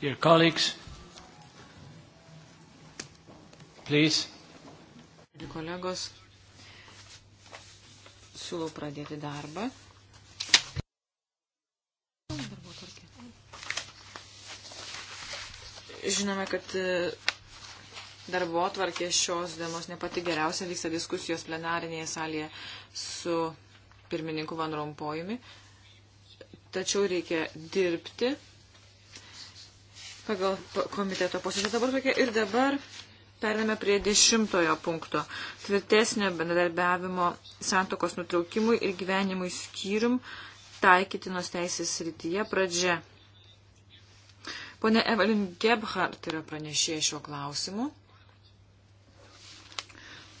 Dear colleagues, please. Kolegos, siūlau pradėti darbą. Žinome, kad e, darbo atvarkė šios dienos ne pati geriausia vyksta diskusijos plenarinėje salėje su pirmininku Van Rompojumi. Tačiau reikia dirbti pagal komiteto posėdžio dabar tokia. Ir dabar perėmėme prie dešimtojo punkto. Tvirtesnio bendradarbiavimo santokos nutraukimui ir gyvenimui skyrium taikytinos teisės srityje pradžia. Pone Evelin Gebhardt yra pranešėja šiuo klausimu.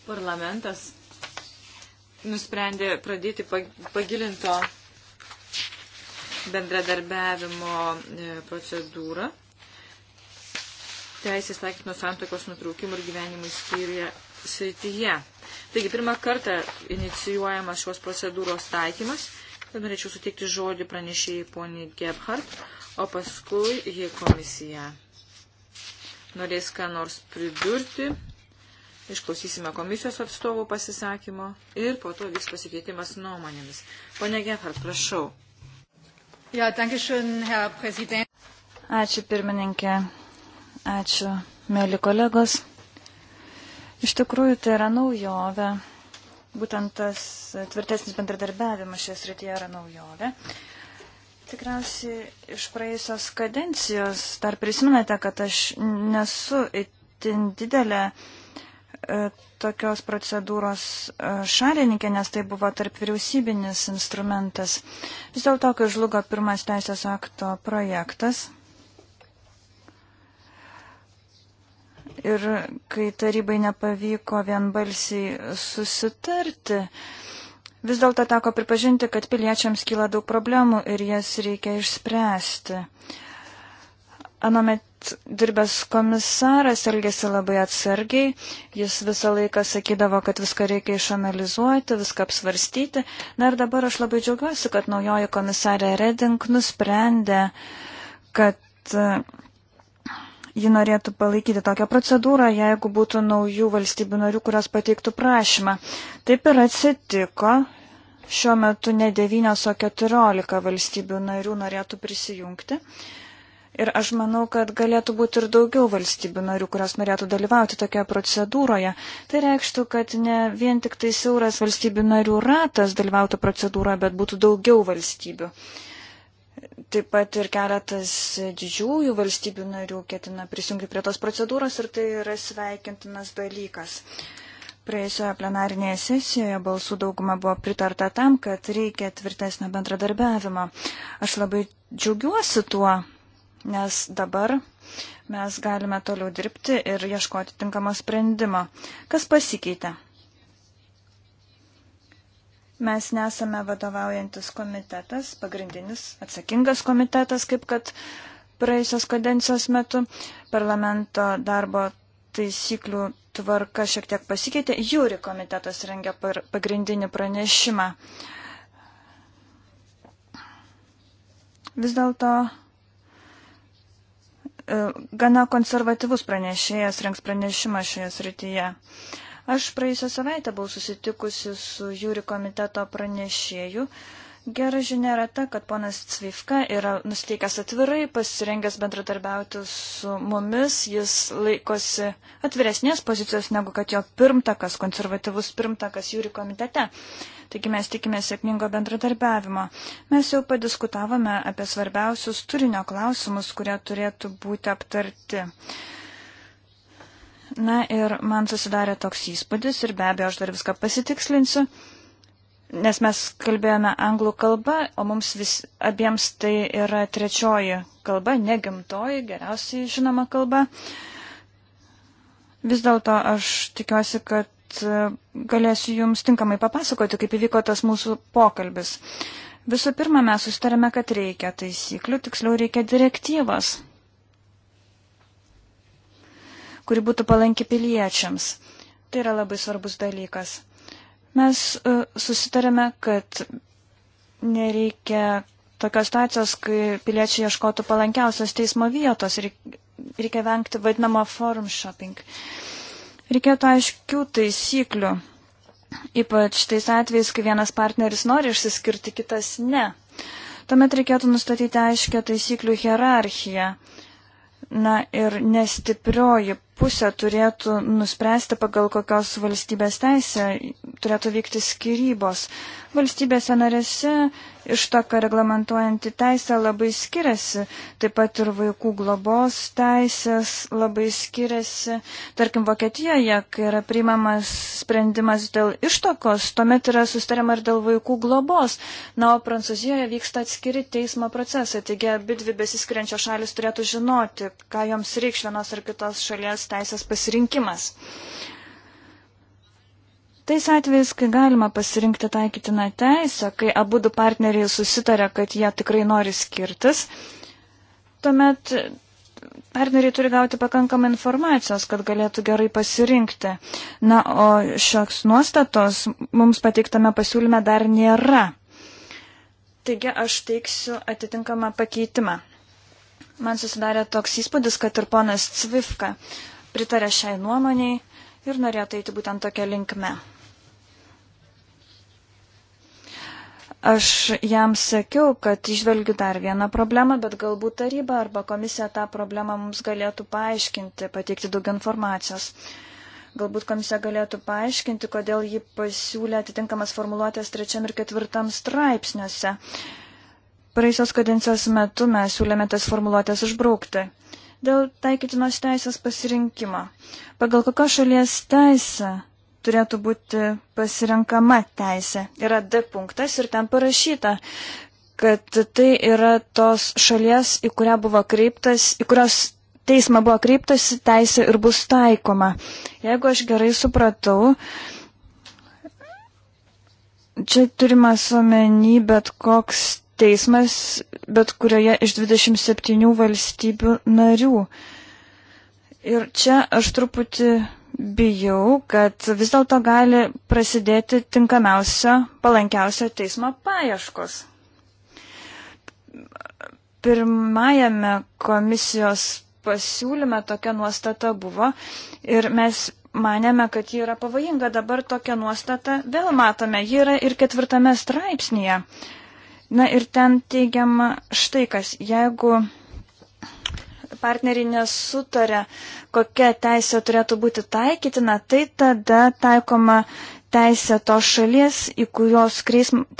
Parlamentas nusprendė pradėti pagilinto bendradarbiavimo e, procedūrą teisės taikytino santokos nutraukimų ir gyvenimų skyriuje srityje. Taigi, pirmą kartą inicijuojamas šios procedūros taikymas. Tad norėčiau sutikti žodį pranešėjai poniai Gebhardt, o paskui jie komisija. Norės ką nors pridurti. Išklausysime komisijos atstovų pasisakymo ir po to vyks pasikeitimas nuomonėmis. Pone Gebhardt, prašau. Ja, dankeschön, Herr Präsident. Ačiū pirmininkė. Ačiū, mėly kolegos. Iš tikrųjų, tai yra naujovė. Būtent tas tvirtesnis bendradarbiavimas šioje srityje yra naujovė. Tikriausiai iš praėjusios kadencijos dar prisiminate, kad aš nesu itin didelė e, tokios procedūros e, šalininkė, nes tai buvo tarp vyriausybinis instrumentas. Vis dėlto, kai žlugo pirmas teisės akto projektas, ir kai tarybai nepavyko vienbalsiai susitarti, vis dėlto teko pripažinti, kad piliečiams kyla daug problemų ir jas reikia išspręsti. Anomet dirbęs komisaras elgėsi labai atsargiai, jis visą laiką sakydavo, kad viską reikia išanalizuoti, viską apsvarstyti. Na ir dabar aš labai džiaugiuosi, kad naujoji komisarė Reding nusprendė, kad uh, ji norėtų palaikyti tokią procedūrą, jeigu būtų naujų valstybių narių, kurios pateiktų prašymą. Taip ir atsitiko. Šiuo metu ne 9, o 14 valstybių narių norėtų prisijungti. Ir aš manau, kad galėtų būti ir daugiau valstybių narių, kurios norėtų dalyvauti tokioje procedūroje. Tai reikštų, kad ne vien tik tai siauras valstybių narių ratas dalyvautų procedūroje, bet būtų daugiau valstybių. Uh, Taip pat ir keletas didžiųjų valstybių narių ketina prisijungti prie tos procedūros ir tai yra sveikintinas dalykas. Praėjusioje plenarinėje sesijoje balsų dauguma buvo pritarta tam, kad reikia tvirtesnio bendradarbiavimo. Aš labai džiaugiuosi tuo, nes dabar mes galime toliau dirbti ir ieškoti tinkamo sprendimo. Kas pasikeitė? Mes nesame vadovaujantis komitetas, pagrindinis atsakingas komitetas, kaip kad praėjusios kadencijos metu parlamento darbo taisyklių tvarka šiek tiek pasikeitė. Jūri komitetas rengia pagrindinį pranešimą. Vis dėlto e, gana konservatyvus pranešėjas rengs pranešimą šioje srityje. Aš praėjusią savaitę buvau susitikusi su jūri komiteto pranešėju. Gera žinia yra ta, kad ponas Cvifka yra nusteikęs atvirai, pasirengęs bendradarbiauti su mumis, jis laikosi atviresnės pozicijos negu kad jo pirmtakas, konservatyvus pirmtakas jūri komitete. Taigi mes tikime sėkmingo bendradarbiavimo. Mes jau padiskutavome apie svarbiausius turinio klausimus, kurie turėtų būti aptarti. Na ir man susidarė toks įspūdis ir be abejo aš dar viską pasitikslinsiu, nes mes kalbėjome anglų kalbą, o mums vis, abiems tai yra trečioji kalba, negimtoji, geriausiai žinoma kalba. Vis dėlto aš tikiuosi, kad e, galėsiu jums tinkamai papasakoti, kaip įvyko tas mūsų pokalbis. Visų pirma, mes sustarėme, kad reikia taisyklių, tiksliau reikia direktyvos kuri būtų palanki piliečiams. Tai yra labai svarbus dalykas. Mes e, susitarėme, kad nereikia tokios stacijos, kai piliečiai ieškotų palankiausios teismo vietos ir reikia vengti vadinamo forum shopping. Reikėtų aiškių taisyklių, ypač tais atvejais, kai vienas partneris nori išsiskirti, kitas ne. Tuomet reikėtų nustatyti aiškę taisyklių hierarchiją. Na ir nestiprioji pusė turėtų nuspręsti, pagal kokios valstybės teisę turėtų vykti skirybos. Valstybėse narėse iš to, ką reglamentuojanti teisė labai skiriasi, taip pat ir vaikų globos teisės labai skiriasi. Tarkim, Vokietijoje, kai yra priimamas sprendimas dėl ištokos, tuomet yra sustariama ir dėl vaikų globos. Na, o Prancūzijoje vyksta atskiri teismo procesai, taigi abi dvi besiskiriančios šalis turėtų žinoti, ką joms reikš vienos ar kitos šalies teisės pasirinkimas. Tais atvejais, kai galima pasirinkti taikytiną teisę, kai abu du partneriai susitarė, kad jie tikrai nori skirtis, tuomet partneriai turi gauti pakankamą informacijos, kad galėtų gerai pasirinkti. Na, o šios nuostatos mums pateiktame pasiūlyme dar nėra. Taigi aš teiksiu atitinkamą pakeitimą. Man susidarė toks įspūdis, kad ir ponas Cvifka pritarė šiai nuomoniai ir norėtų eiti būtent tokia linkme. Aš jam sakiau, kad išvelgiu dar vieną problemą, bet galbūt taryba arba komisija tą problemą mums galėtų paaiškinti, pateikti daug informacijos. Galbūt komisija galėtų paaiškinti, kodėl ji pasiūlė atitinkamas formuluotės trečiam ir ketvirtam straipsniuose. Praėjusios kadencijos metu mes siūlėme tas formuluotės išbraukti dėl taikytinos teisės pasirinkimo. Pagal kokios šalies teisę turėtų būti pasirenkama teisė. Yra D punktas ir ten parašyta, kad tai yra tos šalies, į kurią buvo kreiptas, į kurios teismą buvo kreiptasi, teisė ir bus taikoma. Jeigu aš gerai supratau, čia turimas omeny bet koks teismas, bet kurioje iš 27 valstybių narių. Ir čia aš truputį bijau, kad vis dėlto gali prasidėti tinkamiausio, palankiausio teismo paieškos. Pirmajame komisijos pasiūlyme tokia nuostata buvo ir mes manėme, kad ji yra pavojinga, dabar tokia nuostata vėl matome, ji yra ir ketvirtame straipsnėje. Na ir ten teigiama štai kas, jeigu partneriai nesutarė, kokia teisė turėtų būti taikytina, tai tada taikoma teisė tos šalies, į kurios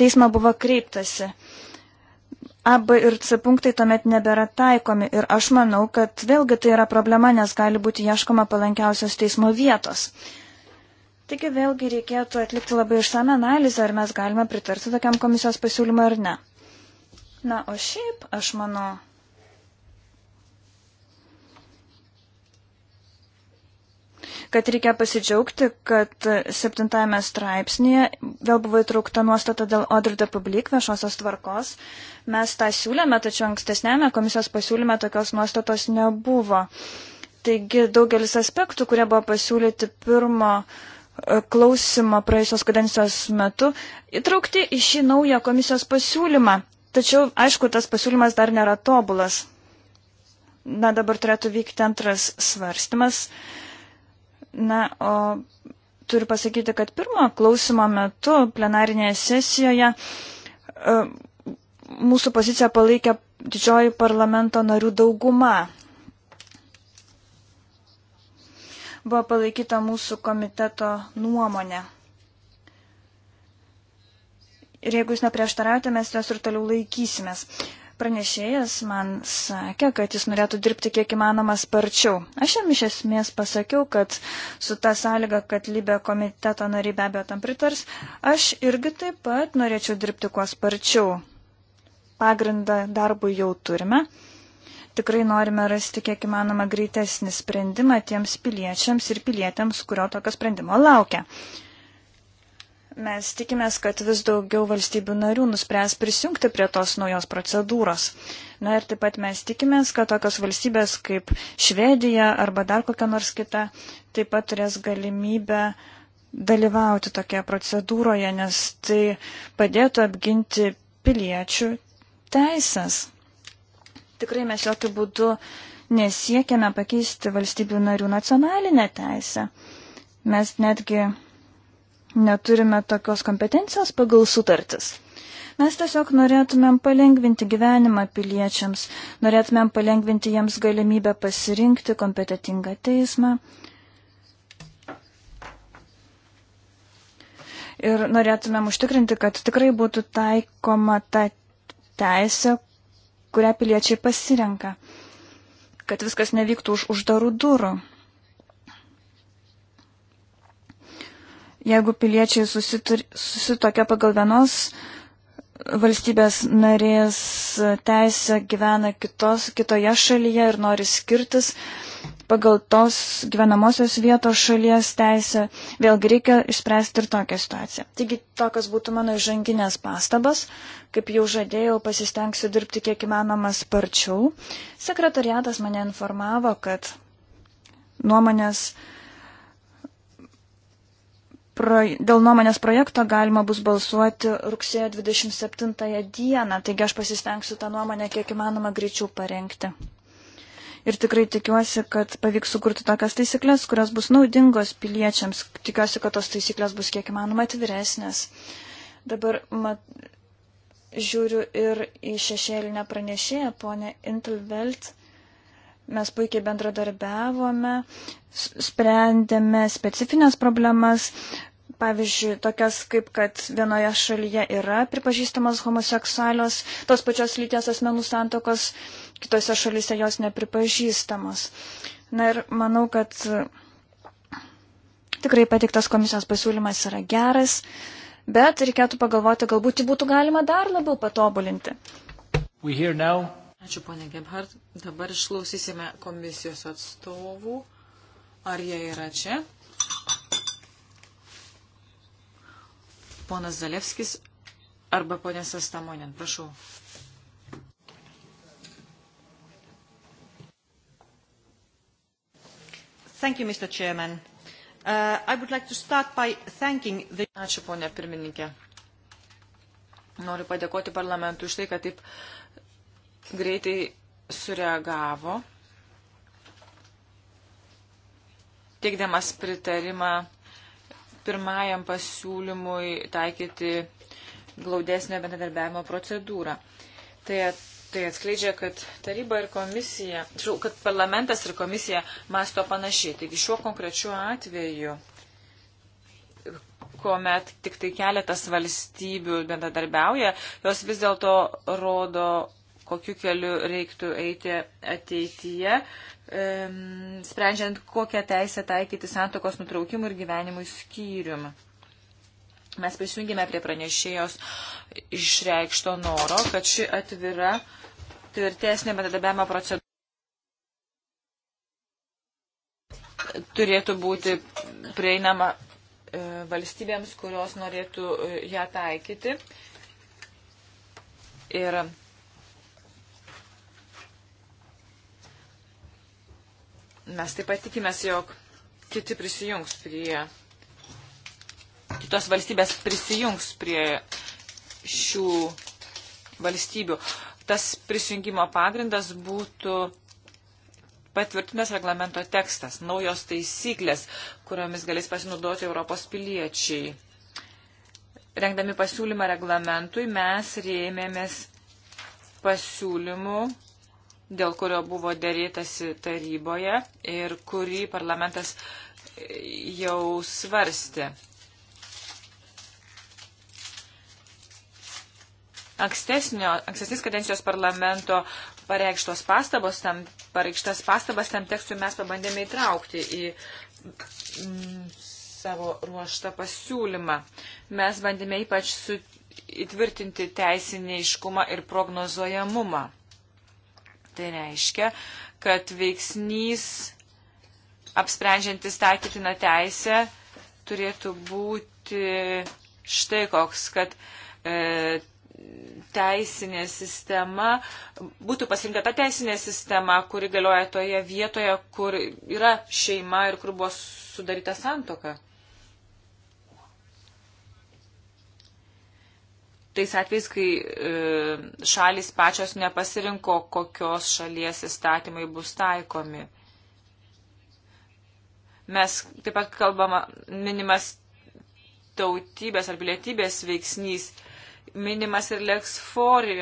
teismą buvo kreiptasi. A, B ir C punktai tuomet nebėra taikomi ir aš manau, kad vėlgi tai yra problema, nes gali būti ieškoma palankiausios teismo vietos. Taigi vėlgi reikėtų atlikti labai išsame analizę, ar mes galime pritarti tokiam komisijos pasiūlymui ar ne. Na, o šiaip, aš manau, kad reikia pasidžiaugti, kad septintame straipsnėje vėl buvo įtraukta nuostata dėl Odr de Public viešosios tvarkos. Mes tą siūlėme, tačiau ankstesnėme komisijos pasiūlyme tokios nuostatos nebuvo. Taigi daugelis aspektų, kurie buvo pasiūlyti pirmo e, klausimo praėjusios kadencijos metu, įtraukti į šį naują komisijos pasiūlymą. Tačiau, aišku, tas pasiūlymas dar nėra tobulas. Na, dabar turėtų vykti antras svarstymas. Na, o turiu pasakyti, kad pirmo klausimo metu plenarinėje sesijoje e, mūsų poziciją palaikė didžioji parlamento narių dauguma. Buvo palaikyta mūsų komiteto nuomonė. Ir jeigu jūs neprieštaraujate, mes jos ir toliau laikysimės. Uh, Pranešėjas man sakė, kad jis norėtų dirbti kiek įmanoma sparčiau. Aš jam iš esmės pasakiau, kad su ta sąlyga, kad Libė komiteto nariai be abejo tam pritars, aš irgi taip pat norėčiau dirbti kuo sparčiau. Pagrindą darbui jau turime. Tikrai norime rasti kiek įmanoma greitesnį sprendimą tiems piliečiams ir pilietėms, kurio tokio sprendimo laukia. Mes tikimės, kad vis daugiau valstybių narių nuspręs prisijungti prie tos naujos procedūros. Na ir taip pat mes tikimės, kad tokios valstybės kaip Švedija arba dar kokia nors kita taip pat turės galimybę dalyvauti tokioje procedūroje, nes tai padėtų apginti piliečių teisės. Tikrai mes jokių būdų nesiekiame pakeisti valstybių narių nacionalinę teisę. Mes netgi neturime tokios kompetencijos pagal sutartis. Mes tiesiog norėtumėm palengvinti gyvenimą piliečiams, norėtumėm palengvinti jiems galimybę pasirinkti kompetitingą teismą. Ir norėtumėm užtikrinti, kad tikrai būtų taikoma ta teisė, kurią piliečiai pasirenka, kad viskas nevyktų už uždarų durų. Jeigu piliečiai susitur, susitokia pagal vienos valstybės narės teisę, gyvena kitos, kitoje šalyje ir nori skirtis, pagal tos gyvenamosios vietos šalies teisę, vėlgi reikia išspręsti ir tokią situaciją. Taigi tokios būtų mano žanginės pastabas, kaip jau žadėjau, pasistengsiu dirbti kiek įmanoma sparčiau. Sekretariatas mane informavo, kad nuomonės pro, dėl nuomonės projekto galima bus balsuoti rugsėjo 27 dieną, taigi aš pasistengsiu tą nuomonę kiek įmanoma greičiau parengti. Ir tikrai tikiuosi, kad pavyks sukurti tokias taisyklės, kurios bus naudingos piliečiams. Tikiuosi, kad tos taisyklės bus kiek įmanoma atviresnės. Dabar mat, žiūriu ir į šešėlinę pranešėją, ponę Intelvelt mes puikiai bendradarbiavome, sprendėme specifines problemas, pavyzdžiui, tokias kaip, kad vienoje šalyje yra pripažįstamas homoseksualios, tos pačios lyties asmenų santokos, kitose šalyse jos nepripažįstamos. Na ir manau, kad e, tikrai patiktas komisijos pasiūlymas yra geras, bet reikėtų pagalvoti, galbūt jį būtų galima dar labiau patobulinti. Ačiū, ponė Gebhardt. Dabar išklausysime komisijos atstovų. Ar jie yra čia? Ponas Zalevskis arba ponė Sastamonė. Prašau. Thank you, Mr. Chairman. Uh, I would like to start by thanking the... Ačiū, ponė pirmininkė. Noriu padėkoti parlamentui už tai, kad taip greitai sureagavo, teikdamas pritarimą pirmajam pasiūlymui taikyti glaudesnio bendradarbiavimo procedūrą. Tai, tai atskleidžia, kad taryba ir komisija, kad parlamentas ir komisija masto panašiai. Taigi šiuo konkrečiu atveju, kuomet tik tai keletas valstybių bendradarbiauja, jos vis dėlto rodo kokiu keliu reiktų eiti ateityje, sprendžiant, kokią teisę taikyti santokos nutraukimui ir gyvenimui skyrium. Mes prisijungėme prie pranešėjos išreikšto noro, kad ši atvira tvirtesnė bendradarbiavimo procedūra turėtų būti prieinama e, valstybėms, kurios norėtų e, ją taikyti. Ir Mes taip pat tikimės, jog kiti prisijungs prie, kitos valstybės prisijungs prie šių valstybių. Tas prisijungimo pagrindas būtų patvirtintas reglamento tekstas, naujos taisyklės, kuriomis galės pasinaudoti Europos piliečiai. Rengdami pasiūlymą reglamentui mes rėmėmės pasiūlymų dėl kurio buvo dėrėtasi taryboje ir kurį parlamentas jau svarstė. Ankstesnės kadencijos parlamento pareikštos pastabos, tam, pareikštas pastabas tam tekstui mes pabandėme įtraukti į mm, savo ruoštą pasiūlymą. Mes bandėme ypač su, įtvirtinti teisinį iškumą ir prognozuojamumą. Tai reiškia, kad veiksnys apsprendžiantis taikytiną teisę turėtų būti štai koks, kad e, teisinė sistema, būtų pasirinkta ta teisinė sistema, kuri galioja toje vietoje, kur yra šeima ir kur buvo sudaryta santoka. tais atvejais, kai e, šalis pačios nepasirinko, kokios šalies įstatymai bus taikomi. Mes taip pat kalbama, minimas tautybės ar pilietybės veiksnys, minimas ir leksfori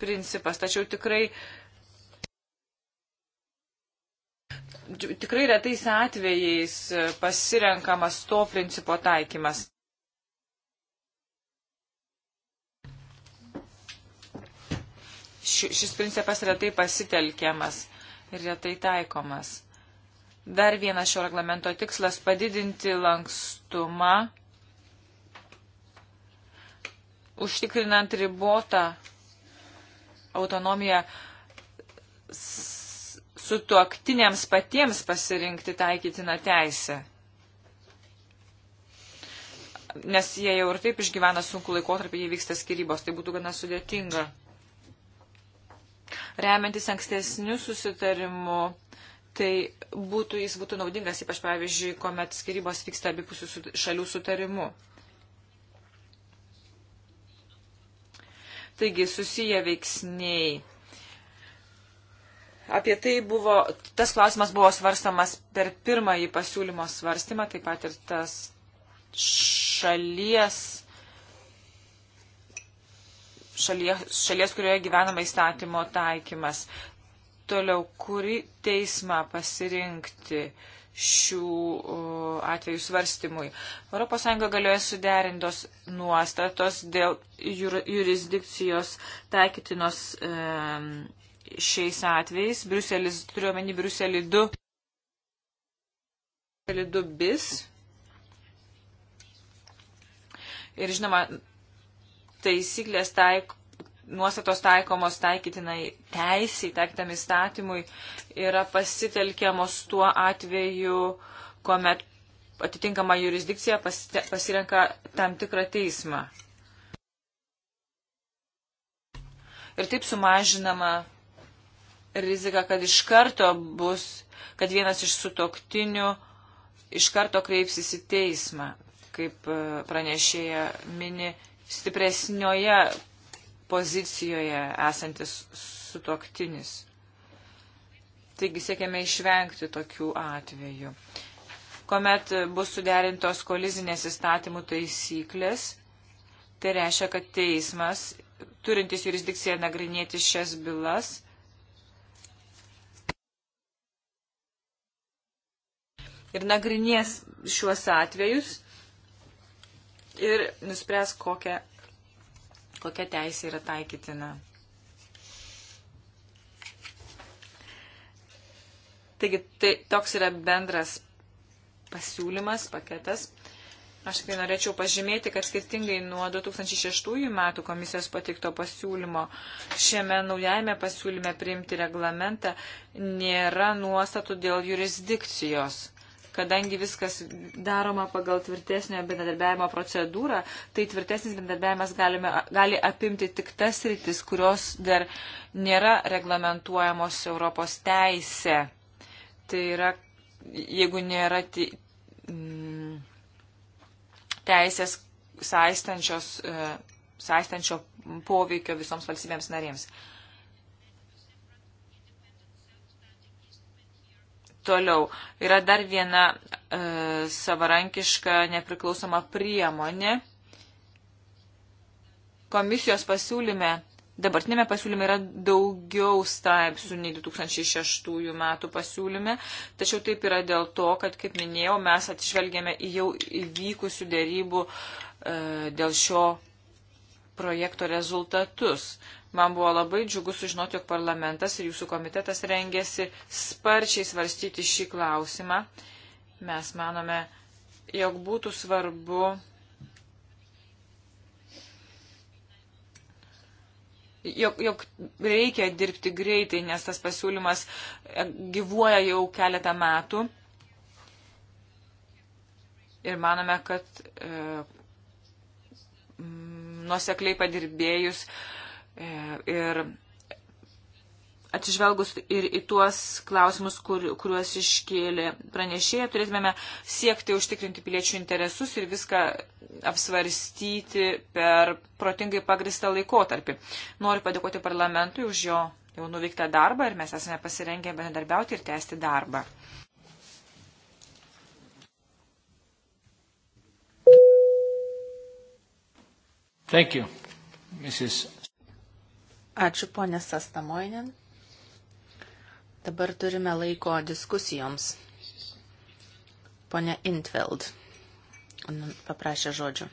principas, tačiau tikrai tikrai retais atvejais pasirenkamas to principo taikymas. šis principas retai pasitelkiamas ir retai taikomas. Dar vienas šio reglamento tikslas - padidinti lankstumą, užtikrinant ribotą autonomiją su tuoktinėms patiems pasirinkti taikytiną teisę. Nes jie jau ir taip išgyvena sunku laikotarpį, jie vyksta skirybos, tai būtų gana sudėtinga remiantis ankstesnių susitarimų, tai būtų, jis būtų naudingas, ypač pavyzdžiui, kuomet skirybos vyksta abipusių šalių sutarimu. Taigi susiję veiksniai. Apie tai buvo, tas klausimas buvo svarstamas per pirmąjį pasiūlymo svarstymą, taip pat ir tas šalies šalies, šalies kurioje gyvenama įstatymo taikymas. Toliau, kuri teismą pasirinkti šių atvejų svarstymui. ES galioja suderintos nuostatos dėl jur, jurisdikcijos taikytinos e, šiais atvejais. Briuselis, turiuomenį Briuselį 2. Briuselį 2 bis. Ir žinoma, taisyklės taik, nuostatos taikomos taikytinai teisiai, taikytam įstatymui, yra pasitelkiamos tuo atveju, kuomet atitinkama jurisdikcija pasite, pasirenka tam tikrą teismą. Ir taip sumažinama rizika, kad iš karto bus, kad vienas iš sutoktinių iš karto kreipsis į teismą, kaip e, pranešėja mini stipresnioje pozicijoje esantis sutoktinis. Taigi siekiame išvengti tokių atvejų. Komet bus suderintos kolizinės įstatymų taisyklės, tai reiškia, kad teismas, turintis jurisdikciją nagrinėti šias bylas, ir nagrinės šiuos atvejus ir nuspręs, kokia, kokia teisė yra taikytina. Taigi, tai, toks yra bendras pasiūlymas, paketas. Aš tikrai norėčiau pažymėti, kad skirtingai nuo 2006 metų komisijos patikto pasiūlymo šiame naujajame pasiūlyme priimti reglamentą nėra nuostatų dėl jurisdikcijos kadangi viskas daroma pagal tvirtesnio bendradarbiavimo procedūrą, tai tvirtesnis bendradarbiavimas galime, gali apimti tik tas rytis, kurios dar nėra reglamentuojamos Europos teisė. Tai yra, jeigu nėra tė, m, mm, teisės saistančios, e, saistančio poveikio visoms valstybėms narėms. E, Toliau yra dar viena e, savarankiška nepriklausoma priemonė. Komisijos pasiūlyme, dabartinėme pasiūlyme yra daugiau straipsnių nei 2006 metų pasiūlyme, tačiau taip yra dėl to, kad, kaip minėjau, mes atžvelgėme į jau įvykusių dėrybų e, dėl šio projekto rezultatus. Man buvo labai džiugu sužinoti, jog parlamentas ir jūsų komitetas rengėsi sparčiai svarstyti šį klausimą. Mes manome, jog būtų svarbu jog, jog reikia dirbti greitai, nes tas pasiūlymas e, gyvuoja jau keletą metų. Ir manome, kad e, nusekliai padirbėjus E, ir atsižvelgus ir į tuos klausimus, kur, kuriuos iškėlė pranešėja, turėtumėme siekti užtikrinti piliečių interesus ir viską apsvarstyti per protingai pagristą laikotarpį. Noriu padėkoti parlamentui už jo jau nuveiktą darbą ir mes esame pasirengę bendradarbiauti ir tęsti darbą. Thank you, Mrs. Ačiū, ponė Sastamoinin. Dabar turime laiko diskusijoms. Pone Intveld paprašė žodžių.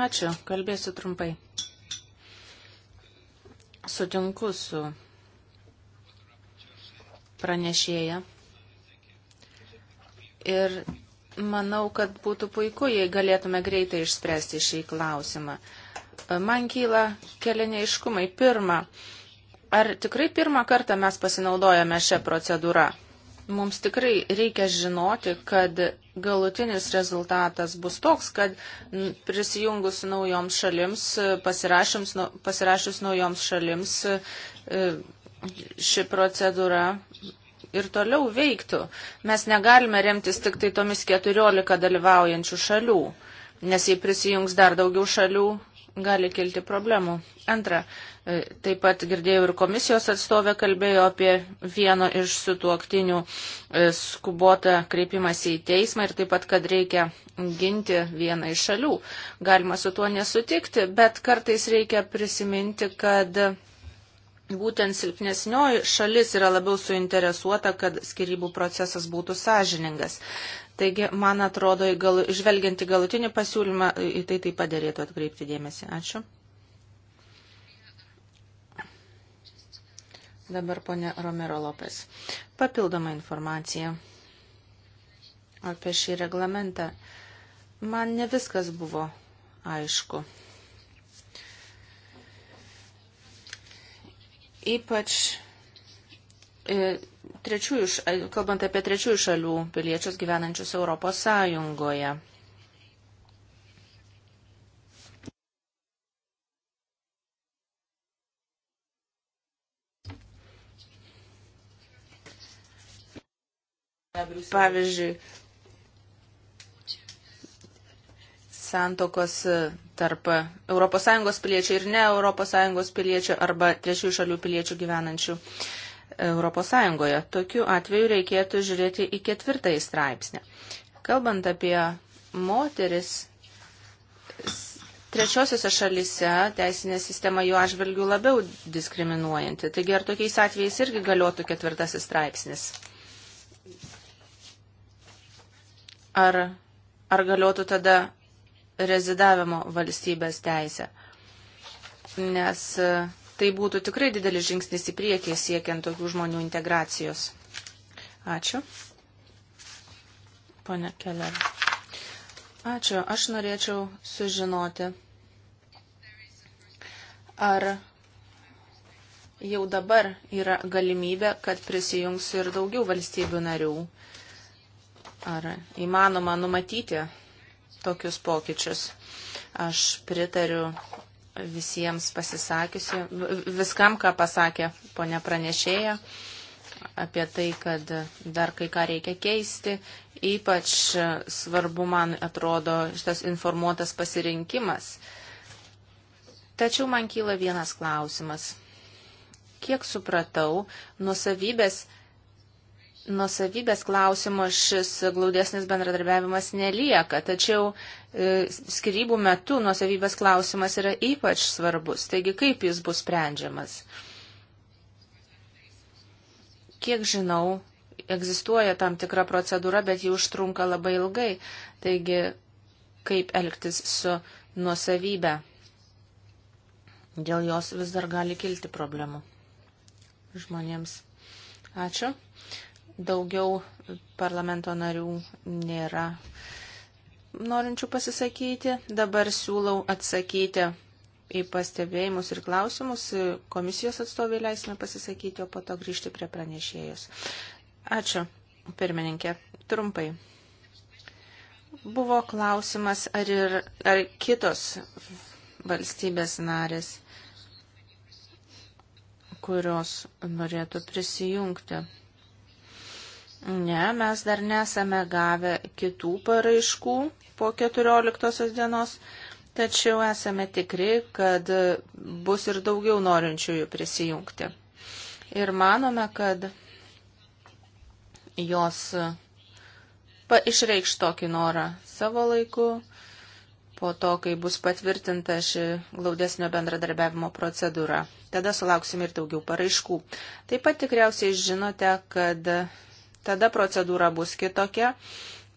Ačiū, kalbėsiu trumpai. Sutinku su pranešėja ir Manau, kad būtų puiku, jei galėtume greitai išspręsti šį klausimą. Man kyla keli neiškumai. Pirma, ar tikrai pirmą kartą mes pasinaudojame šią procedūrą? Mums tikrai reikia žinoti, kad galutinis rezultatas bus toks, kad prisijungus naujoms šalims, nu, pasirašius naujoms šalims, e, ši procedūra ir toliau veiktų. Mes negalime remtis tik tai tomis 14 dalyvaujančių šalių, nes jei prisijungs dar daugiau šalių, gali kilti problemų. Antra, e, taip pat girdėjau ir komisijos atstovę kalbėjo apie vieno iš sutuoktinių e, skubotą kreipimąsi į teismą ir taip pat, kad reikia ginti vieną iš šalių. Galima su tuo nesutikti, bet kartais reikia prisiminti, kad būtent silpnesnioji šalis yra labiau suinteresuota, kad skirybų procesas būtų sąžiningas. Taigi, man atrodo, gal, žvelgiant į galutinį pasiūlymą, į tai taip pat dėlėtų atkreipti dėmesį. Ačiū. Dabar ponė Romero Lopes. Papildoma informacija apie šį reglamentą. Man ne viskas buvo aišku. Ypač e, trečiųjų, e, kalbant apie trečiųjų šalių piliečius gyvenančius Europos Sąjungoje. Pavyzdžiui, santokos e, tarp ES piliečių ir ne ES piliečių arba trečiųjų šalių piliečių gyvenančių ES. Tokiu atveju reikėtų žiūrėti į ketvirtąjį straipsnį. Kalbant apie moteris, trečiosiose šalise teisinė sistema jų atžvilgių labiau diskriminuojanti. Taigi ar tokiais atvejais irgi galiotų ketvirtasis straipsnis? Ar, ar galiotų tada rezidavimo valstybės teisę. Nes e, tai būtų tikrai didelis žingsnis į priekį siekiant tokių žmonių integracijos. Ačiū. Pone Keller. Ačiū. Aš norėčiau sužinoti, ar jau dabar yra galimybė, kad prisijungs ir daugiau valstybių narių. Ar įmanoma numatyti tokius pokyčius. Aš pritariu visiems pasisakiusi, viskam, ką pasakė ponia pranešėja apie tai, kad dar kai ką reikia keisti. Ypač svarbu man atrodo šitas informuotas pasirinkimas. Tačiau man kyla vienas klausimas. Kiek supratau, nuosavybės nusavybės klausimo šis glaudesnis bendradarbiavimas nelieka, tačiau e, skirybų metu nusavybės klausimas yra ypač svarbus. Taigi, kaip jis bus sprendžiamas? Kiek žinau, egzistuoja tam tikra procedūra, bet ji užtrunka labai ilgai. Taigi, kaip elgtis su nusavybė? Dėl jos vis dar gali kilti problemų žmonėms. Ačiū. Daugiau parlamento narių nėra norinčių pasisakyti. Dabar siūlau atsakyti į pastebėjimus ir klausimus. Komisijos atstovai leisime pasisakyti, o po to grįžti prie pranešėjus. Ačiū, pirmininkė. Trumpai. Buvo klausimas, ar, ir, ar kitos valstybės narės, kurios norėtų prisijungti Ne, mes dar nesame gavę kitų paraiškų po 14 dienos, tačiau esame tikri, kad bus ir daugiau norinčiųjų prisijungti. Ir manome, kad jos išreikš tokį norą savo laiku, po to, kai bus patvirtinta ši glaudesnio bendradarbiavimo procedūra. Tada sulauksime ir daugiau paraiškų. Taip pat tikriausiai žinote, kad Tada procedūra bus kitokia,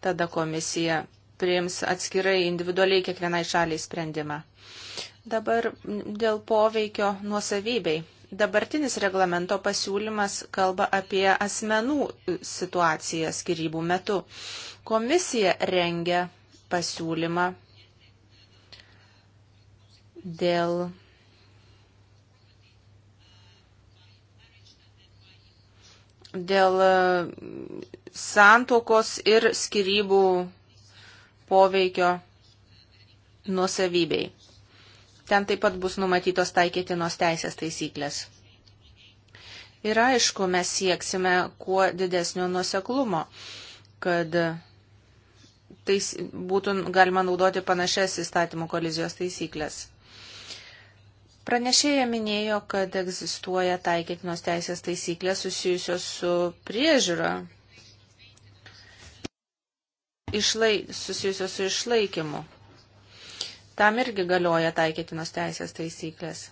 tada komisija priims atskirai individualiai kiekvienai šaliai sprendimą. Dabar dėl poveikio nuosavybei. Dabartinis reglamento pasiūlymas kalba apie asmenų situaciją skirybų metu. Komisija rengia pasiūlymą dėl dėl e, santokos ir skirybų poveikio nuosavybei. Ten taip pat bus numatytos taikytinos teisės taisyklės. Ir aišku, mes sieksime kuo didesnio nuoseklumo, kad tais, būtų galima naudoti panašias įstatymų kolizijos taisyklės. Pranešėja minėjo, kad egzistuoja taikytinos teisės taisyklės susijusios su priežiūra, išlai, susijusios su išlaikymu. Tam irgi galioja taikytinos teisės taisyklės.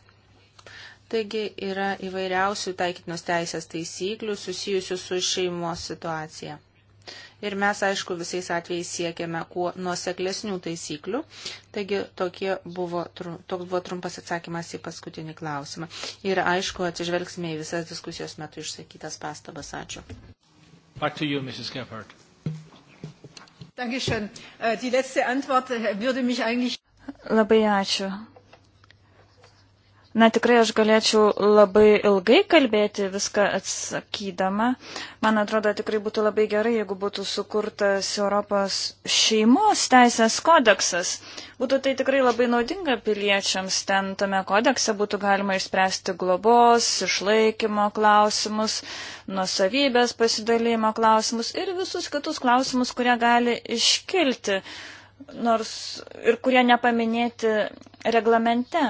Taigi yra įvairiausių taikytinos teisės taisyklių susijusių su šeimos situacija. Ir mes, aišku, visais atvejais siekiame kuo nuoseklesnių taisyklių. Taigi buvo, toks buvo trumpas atsakymas į paskutinį klausimą. Ir, aišku, atsižvelgsime į visas diskusijos metu išsakytas pastabas. Ačiū. Back to you, Mrs. Gephardt. Dankeschön. Äh, die letzte Antwort äh, würde mich eigentlich. Labai ačiū. Na tikrai aš galėčiau labai ilgai kalbėti viską atsakydama. Man atrodo, tikrai būtų labai gerai, jeigu būtų sukurtas Europos šeimos teisės kodeksas. Būtų tai tikrai labai naudinga piliečiams. Ten tame kodekse būtų galima išspręsti globos, išlaikymo klausimus, nusavybės pasidalymo klausimus ir visus kitus klausimus, kurie gali iškilti, nors ir kurie nepaminėti reglamente.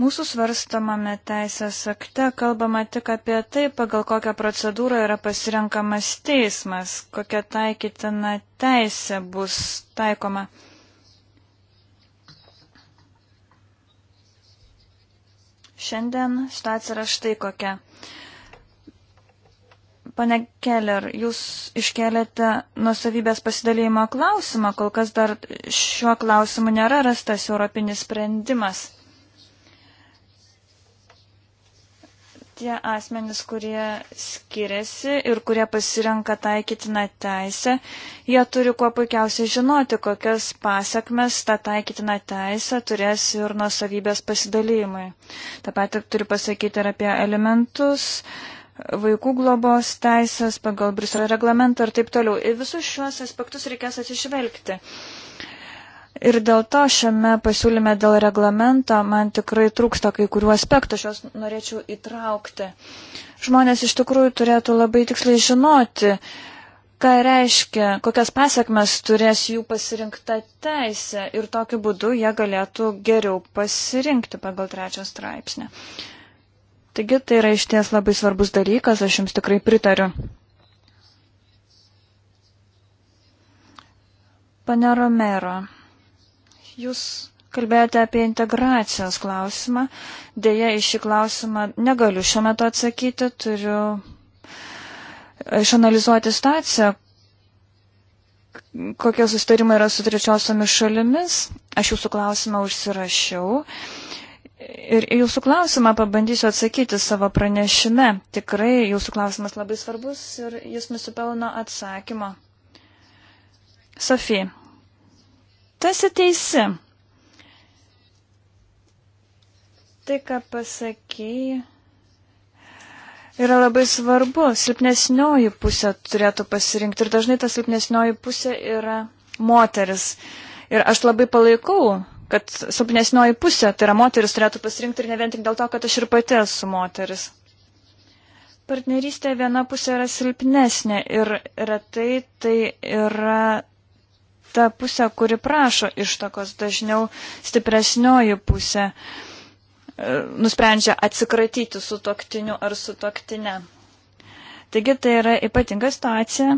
Mūsų svarstamame teisės akte kalbama tik apie tai, pagal kokią procedūrą yra pasirenkamas teismas, kokia taikytina teisė bus taikoma. Šiandien situacija yra štai kokia. Pane Keller, jūs iškelėte nusavybės pasidalymo klausimą, kol kas dar šiuo klausimu nėra rastas europinis sprendimas. tie asmenys, kurie skiriasi ir kurie pasirenka taikytiną teisę, jie turi kuo puikiausiai žinoti, kokias pasiekmes ta taikytina teisė turės ir nuosavybės pasidalymai. Ta pati turi pasakyti ir apie elementus, vaikų globos teisės pagal Briselio reglamentą ir taip toliau. Į visus šiuos aspektus reikės atsižvelgti. Uh, Ir dėl to šiame pasiūlyme dėl reglamento man tikrai trūksta kai kurių aspektų, aš juos norėčiau įtraukti. Žmonės iš tikrųjų turėtų labai tiksliai žinoti, ką reiškia, kokias pasiekmes turės jų pasirinkta teisė ir tokiu būdu jie galėtų geriau pasirinkti pagal trečią straipsnį. Taigi tai yra iš ties labai svarbus dalykas, aš jums tikrai pritariu. Pane Romero. Jūs kalbėjote apie integracijos klausimą. Deja, į šį klausimą negaliu šiuo metu atsakyti. Turiu išanalizuoti situaciją, kokie sustarimai yra su trečiosiomis šalimis. Aš jūsų klausimą užsirašiau. Ir jūsų klausimą pabandysiu atsakyti savo pranešime. Tikrai jūsų klausimas labai svarbus ir jis nusipelno atsakymo. Sofija. Tu esi teisi. Tai, ką pasakėjai, yra labai svarbu. Silpnesnioji pusė turėtų pasirinkti ir dažnai ta silpnesnioji pusė yra moteris. Ir aš labai palaikau, kad silpnesnioji pusė, tai yra moteris, turėtų pasirinkti ir ne vien tik dėl to, kad aš ir pati esu moteris. Partnerystė viena pusė yra silpnesnė ir retai tai yra ta pusė, kuri prašo ištakos, dažniau stipresnioji pusė e, nusprendžia atsikratyti su toktiniu ar su toktine. Taigi tai yra ypatinga situacija,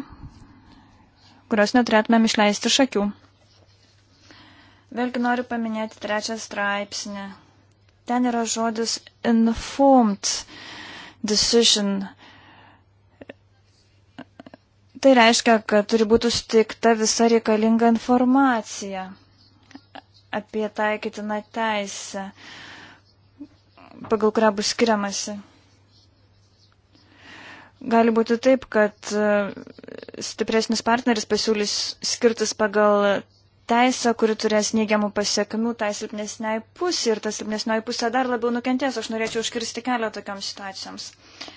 kurios neturėtumėm išleisti iš akių. Vėlgi noriu paminėti trečią straipsnį. Ten yra žodis informed decision. Tai reiškia, kad turi būti suteikta visa reikalinga informacija apie taikytiną teisę, pagal kurią bus skiriamasi. Gali būti taip, kad e, stipresnis partneris pasiūlys skirtis pagal teisę, kuri turės neigiamų pasiekmių tai silpnesniai pusė ir ta silpnesnioji pusė dar labiau nukentės. Aš norėčiau užkirsti kelią tokiams situacijoms. Uh,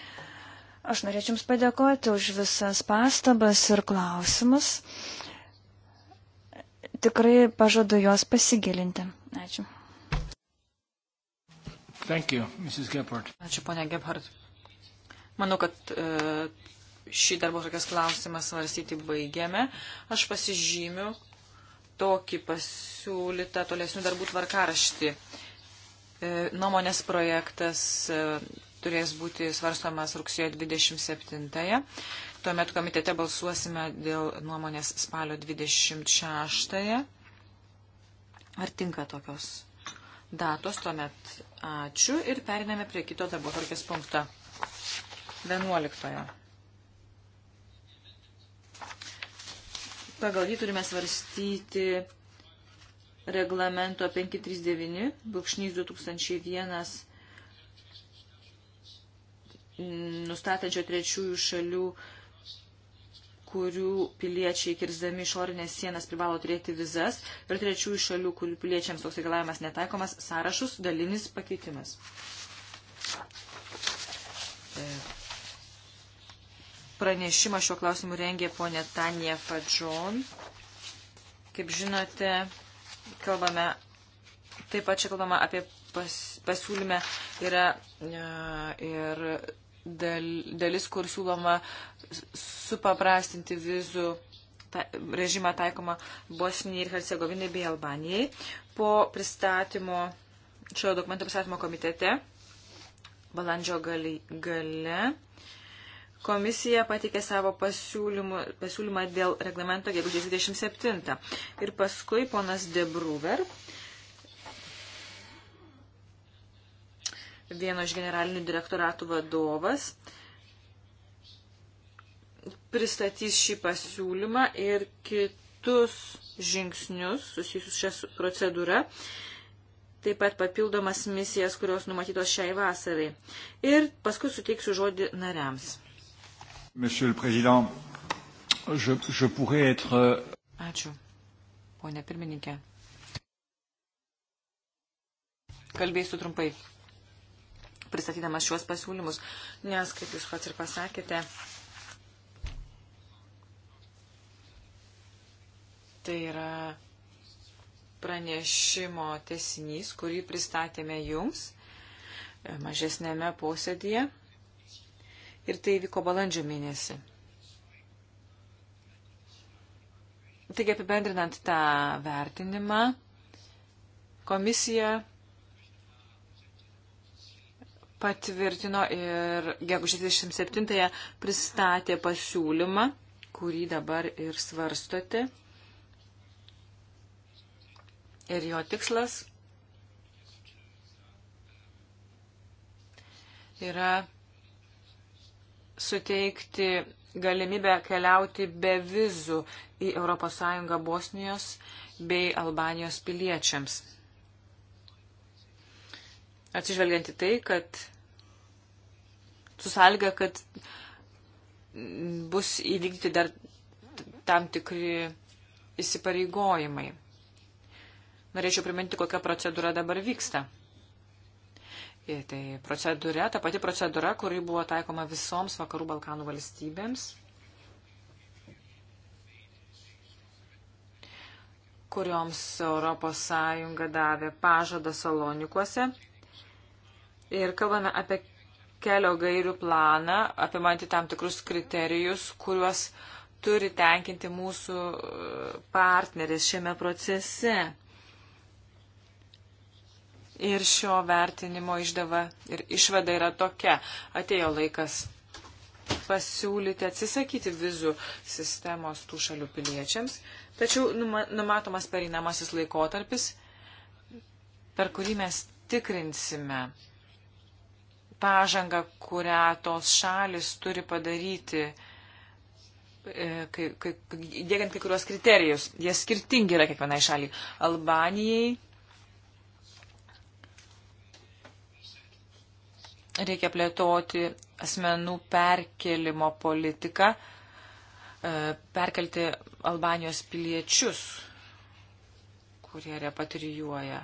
Aš norėčiau Jums padėkoti už visas pastabas ir klausimus. Tikrai pažadu juos pasigilinti. Ačiū. Thank you, Mrs. Gephardt. Ačiū, ponia Gephardt. Manau, kad e, šį darbo tokias klausimą svarstyti baigėme. Aš pasižymiu tokį pasiūlytą tolesnių darbų tvarkaraštį. E, nuomonės projektas. E, turės būti svarstomas rugsėjo 27-ąją. Tuomet komitete balsuosime dėl nuomonės spalio 26-ąją. Ar tinka tokios datos? Tuomet ačiū ir periname prie kito darbo tvarkės punkto 11-ojo. Pagal jį turime svarstyti reglamento 539, brūkšnys 2001 nustatančio trečiųjų šalių, kurių piliečiai kirzdami išorinės sienas privalo turėti vizas ir trečiųjų šalių, kurių piliečiams toks reikalavimas netaikomas, sąrašus dalinis pakeitimas. E, pranešimą šiuo klausimu rengė ponė Tanja Fadžon. Kaip žinote, kalbame, taip pat čia kalbame apie pas, pasiūlyme yra e, ir dalis, kur siūloma supaprastinti vizų režimą taikomą Bosnijai ir Hercegovinai bei Albanijai. Po pristatymo, šio dokumento pristatymo komitete, balandžio gale, gale komisija pateikė savo pasiūlymą dėl reglamento gegužės 27. Ir paskui ponas Debruver vieno iš generalinių direktoratų vadovas pristatys šį pasiūlymą ir kitus žingsnius susijusius šią procedūrą, taip pat papildomas misijas, kurios numatytos šiai vasarai. Ir paskui suteiksiu žodį nariams. Je, je être... Euh, Ačiū, ponė pirmininkė. Kalbėsiu trumpai pristatydamas šiuos pasiūlymus, nes, kaip jūs pats ir pasakėte, tai yra pranešimo tesinys, kurį pristatėme jums e, mažesnėme posėdėje ir tai vyko balandžio mėnesį. Taigi apibendrinant tą vertinimą, komisija patvirtino ir gegužės 27-ąją pristatė pasiūlymą, kurį dabar ir svarstote. Ir jo tikslas yra suteikti galimybę keliauti be vizų į ES Bosnijos bei Albanijos piliečiams. Atsižvelgianti tai, kad su sąlyga, kad bus įvykdyti dar tam tikri įsipareigojimai. Norėčiau priminti, kokia procedūra dabar vyksta. Ir e, tai procedūra, ta pati procedūra, kuri buvo taikoma visoms Vakarų Balkanų valstybėms, kurioms ES davė pažadą Salonikuose. Ir kalbame apie kelio gairių planą, apimantį tam tikrus kriterijus, kuriuos turi tenkinti mūsų e, partneris šiame procese. Ir šio vertinimo išdava ir išvada yra tokia. Atėjo laikas pasiūlyti atsisakyti vizų sistemos tų šalių piliečiams, tačiau numatomas pereinamasis laikotarpis, per kurį mes tikrinsime pažangą, kurią tos šalis turi padaryti, e, kai, kai, dėgiant kai kuriuos kriterijus. Jie skirtingi yra kiekvienai šaliai. Albanijai reikia plėtoti asmenų perkelimo politiką, e, perkelti Albanijos piliečius, kurie repatrijuoja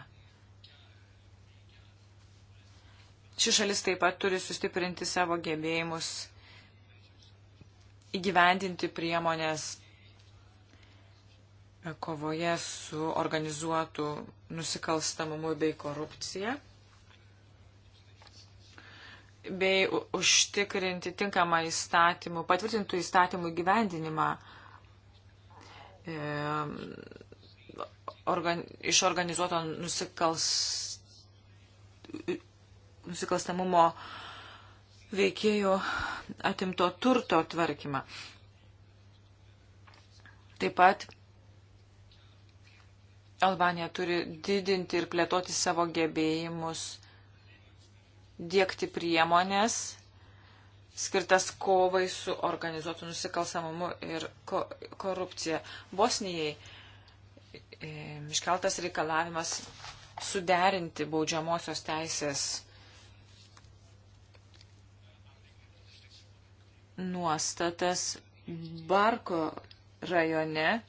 Ši šalis taip pat turi sustiprinti savo gebėjimus įgyvendinti priemonės kovoje su organizuotu nusikalstamumu bei korupcija bei užtikrinti tinkamą įstatymų, patvirtintų įstatymų gyvendinimą e, organ, iš organizuoto nusikals nusikalstamumo veikėjų atimto turto tvarkymą. Taip pat Albanija turi didinti ir plėtoti savo gebėjimus, dėkti priemonės skirtas kovai su organizuotu nusikalstamumu ir ko, korupcija. Bosnijai e, iškeltas reikalavimas suderinti baudžiamosios teisės nuostatas Barko rajone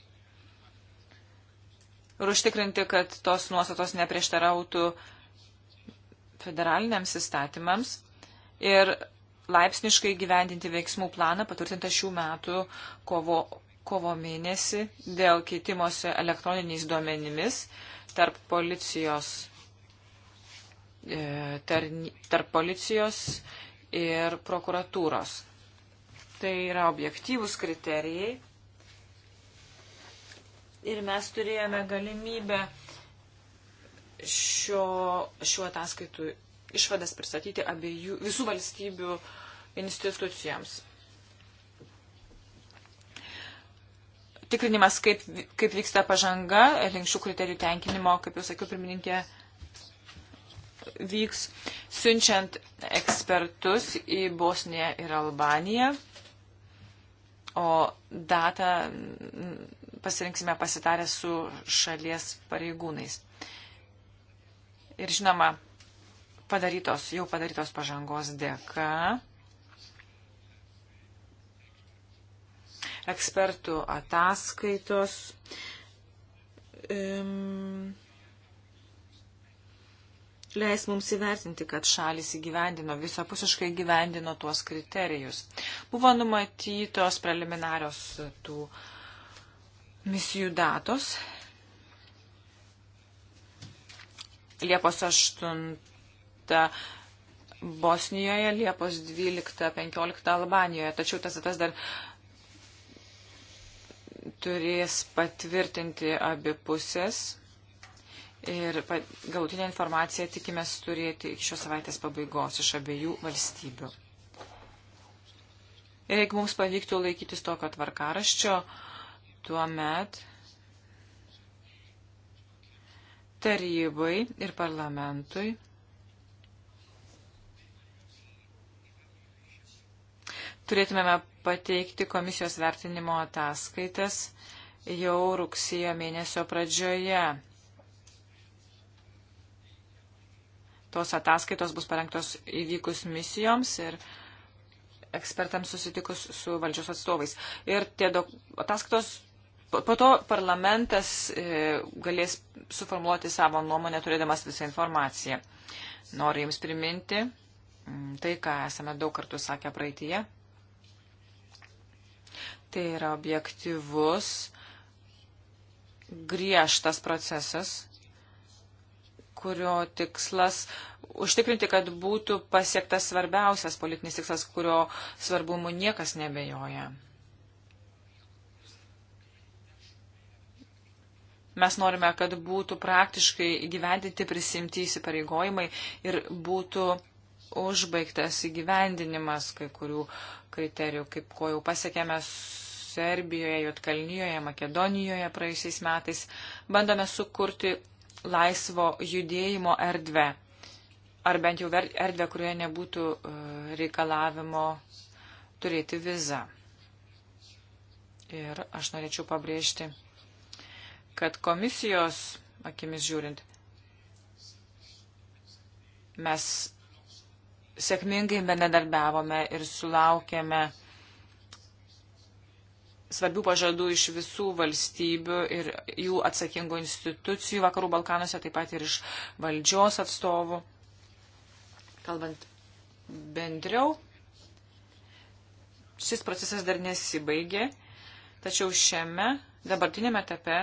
ir užtikrinti, kad tos nuostatos neprieštarautų federaliniams įstatymams ir laipsniškai gyvendinti veiksmų planą patvirtintą šių metų kovo, kovo mėnesį dėl keitimosi elektroniniais duomenimis tarp policijos, e, tarp policijos ir prokuratūros. Tai yra objektyvūs kriterijai. Ir mes turėjome galimybę šio, šiuo ataskaitų išvadas pristatyti abiejų, visų valstybių institucijoms. Tikrinimas, kaip, kaip vyksta pažanga, link šių kriterijų tenkinimo, kaip jau sakiau, pirmininkė, vyks siunčiant ekspertus į Bosniją ir Albaniją. O datą mm, pasirinksime pasitarę su šalies pareigūnais. Ir žinoma, padarytos, jau padarytos pažangos dėka ekspertų ataskaitos. Um, leis mums įvertinti, kad šalis įgyvendino, visapusiškai įgyvendino tuos kriterijus. Buvo numatytos preliminarios tų misijų datos. Liepos 8 Bosnijoje, Liepos 12-15 Albanijoje. Tačiau tas tas dar turės patvirtinti abi pusės Ir galutinę informaciją tikimės turėti iki šios savaitės pabaigos iš abiejų valstybių. Ir jeigu mums pavyktų laikytis tokio tvarkaraščio, tuomet tarybai ir parlamentui turėtumėme pateikti komisijos vertinimo ataskaitas jau rugsėjo mėnesio pradžioje. Tos ataskaitos bus parengtos įvykus misijoms ir ekspertams susitikus su valdžios atstovais. Ir tie ataskaitos, po to parlamentas e, galės suformuoluoti savo nuomonę, turėdamas visą informaciją. Noriu Jums priminti mm, tai, ką esame daug kartų sakę praeitie. Tai yra objektivus, griežtas procesas, kurio tikslas užtikrinti, kad būtų pasiektas svarbiausias politinis tikslas, kurio svarbumu niekas nebejoja. Mes norime, kad būtų praktiškai gyvendinti prisimti įsipareigojimai ir būtų užbaigtas įgyvendinimas kai kurių kriterijų, kaip ko jau pasiekėme Serbijoje, Jotkalnyjoje, Makedonijoje praėjusiais metais. Bandome sukurti laisvo judėjimo erdvę, ar bent jau erdvę, kurioje nebūtų e, reikalavimo turėti vizą. Ir aš norėčiau pabrėžti, kad komisijos akimis žiūrint, mes sėkmingai benedarbiavome ir sulaukėme svarbių pažadų iš visų valstybių ir jų atsakingų institucijų Vakarų Balkanuose, taip pat ir iš valdžios atstovų. Kalbant bendriau, šis procesas dar nesibaigė, tačiau šiame dabartinėme etape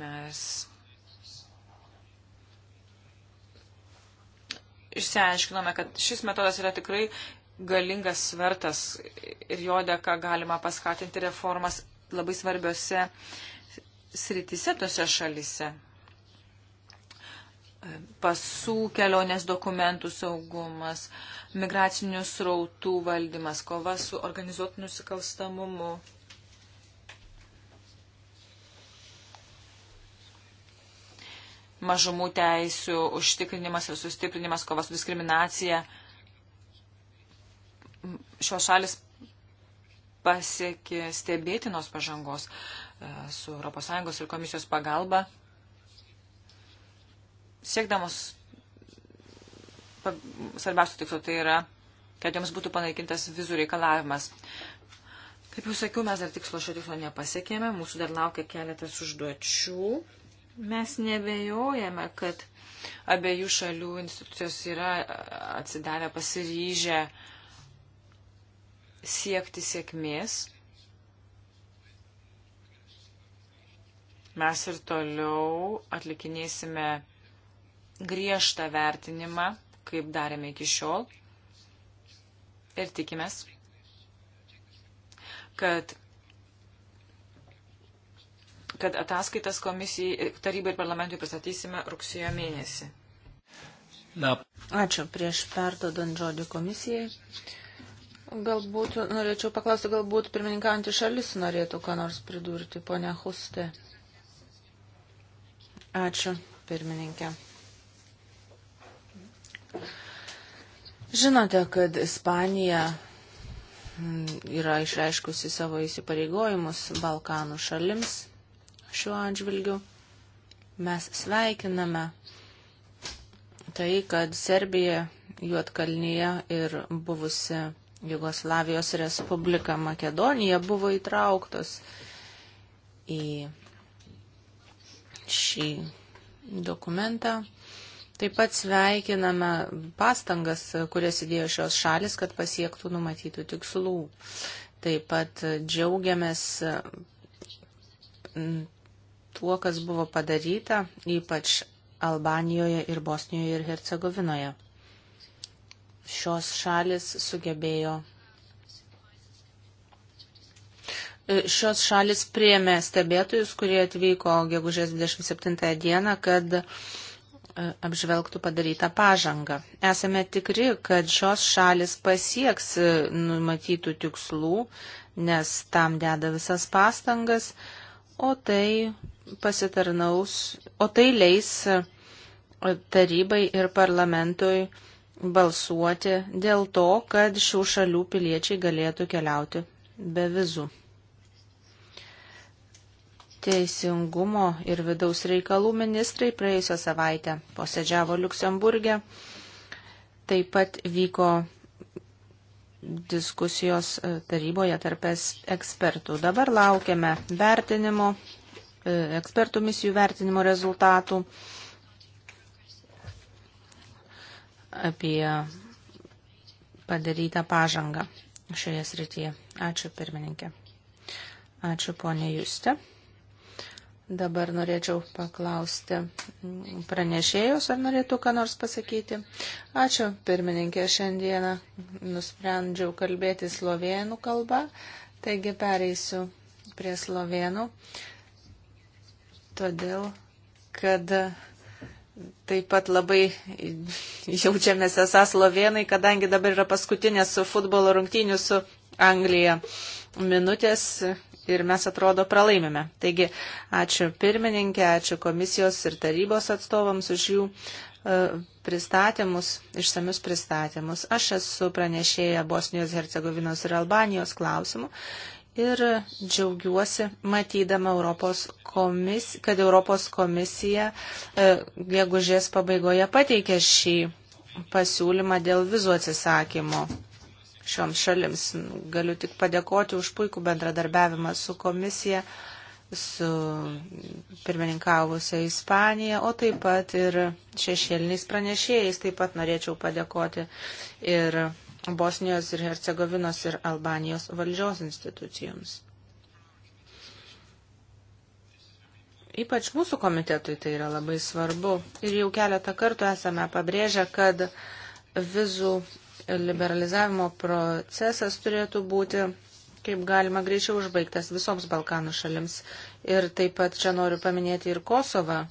mes išsiaiškinome, kad šis metodas yra tikrai galingas svertas ir jo dėka galima paskatinti reformas labai svarbiose sritise tose šalise. Pasų kelionės dokumentų saugumas, migracinių srautų valdymas, kova su organizuotų nusikalstamumu. Mažumų teisų užtikrinimas ir sustiprinimas, kova su diskriminacija šios šalis pasiekė stebėtinos pažangos e, su ES ir komisijos pagalba, siekdamos svarbiausių tikslų, tai yra, kad joms būtų panaikintas vizų reikalavimas. Kaip jau sakiau, mes dar tikslo šio tikslo nepasiekėme, mūsų dar laukia keletas užduočių. Mes nebejojame, kad abiejų šalių institucijos yra atsidavę pasiryžę uh, siekti sėkmės, mes ir toliau atlikinėsime griežtą vertinimą, kaip darėme iki šiol. Ir tikimės, kad kad ataskaitas komisijai, tarybai ir parlamentui pristatysime rugsėjo mėnesį. Na. Ačiū prieš perdodant žodį komisijai. Galbūt norėčiau paklausti, galbūt pirmininkaujantį šalis norėtų ką nors pridurti, ponia Huste. Ačiū, pirmininkė. Žinote, kad Ispanija mm, yra išreiškusi savo įsipareigojimus Balkanų šalims šiuo atžvilgiu. Mes sveikiname tai, kad Serbija, Juotkalnyje ir buvusi Jugoslavijos Respublika Makedonija buvo įtrauktos į šį dokumentą. Taip pat sveikiname pastangas, kurias įdėjo šios šalis, kad pasiektų numatytų tikslų. Taip pat džiaugiamės mm, tuo, kas buvo padaryta, ypač Albanijoje ir Bosnijoje ir Hercegovinoje šios šalis sugebėjo. E, šios šalis priėmė stebėtojus, kurie atvyko gegužės 27 dieną, kad e, apžvelgtų padarytą pažangą. Esame tikri, kad šios šalis pasieks e, numatytų tikslų, nes tam deda visas pastangas, o tai pasitarnaus, o tai leis tarybai ir parlamentui balsuoti dėl to, kad šių šalių piliečiai galėtų keliauti be vizų. Teisingumo ir vidaus reikalų ministrai praėjusią savaitę posėdžiavo Luksemburgė. Taip pat vyko diskusijos e, taryboje tarp ekspertų. Dabar laukiame vertinimo, e, ekspertų misijų vertinimo rezultatų. apie padarytą pažangą šioje srityje. Ačiū pirmininkė. Ačiū ponė Justė. Dabar norėčiau paklausti pranešėjus, ar norėtų ką nors pasakyti. Ačiū, pirmininkė, šiandieną nusprendžiau kalbėti slovėnų kalbą, taigi pereisiu prie slovėnų, todėl kad Taip pat labai jaučiamės esas slovenai, kadangi dabar yra paskutinės su futbolo rungtynių su Anglija minutės ir mes atrodo pralaimime. Taigi, ačiū pirmininkė, ačiū komisijos ir tarybos atstovams už jų e, pristatymus, išsamius pristatymus. Aš esu pranešėja Bosnijos, Hercegovinos ir Albanijos klausimų ir džiaugiuosi matydama, Europos komis, kad Europos komisija e, gegužės pabaigoje pateikė šį pasiūlymą dėl vizų atsisakymo šioms šalims. Galiu tik padėkoti už puikų bendradarbiavimą su komisija, su pirmininkavusia Ispanija, o taip pat ir šešėliniais pranešėjais. Taip pat norėčiau padėkoti ir Bosnijos ir Hercegovinos ir Albanijos valdžios institucijoms. Ypač mūsų komitetui tai yra labai svarbu. Ir jau keletą kartų esame pabrėžę, kad vizų liberalizavimo procesas turėtų būti kaip galima greičiau užbaigtas visoms Balkanų šalims. Ir taip pat čia noriu paminėti ir Kosovą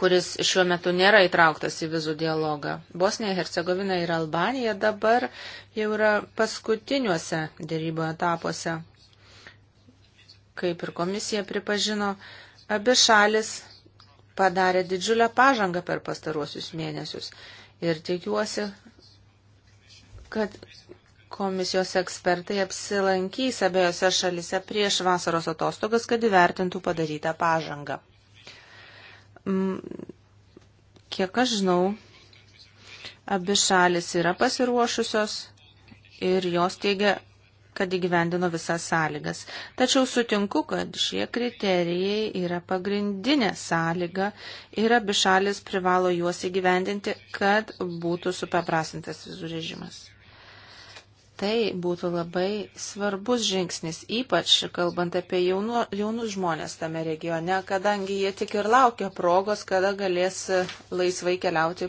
kuris šiuo metu nėra įtrauktas į vizų dialogą. Bosnija, Hercegovina ir Albanija dabar jau yra paskutiniuose dėrybo etapuose. Kaip ir komisija pripažino, abi šalis padarė didžiulę pažangą per pastaruosius mėnesius. Ir tikiuosi, kad komisijos ekspertai apsilankys abiejose šalise prieš vasaros atostogas, kad įvertintų padarytą pažangą. Mm, kiek aš žinau, abi šalis yra pasiruošusios ir jos teigia, kad įgyvendino visas sąlygas. Tačiau sutinku, kad šie kriterijai yra pagrindinė sąlyga ir abi šalis privalo juos įgyvendinti, kad būtų supaprastintas vizų režimas. Tai būtų labai svarbus žingsnis, ypač kalbant apie jaunu, jaunus žmonės tame regione, kadangi jie tik ir laukia progos, kada galės laisvai keliauti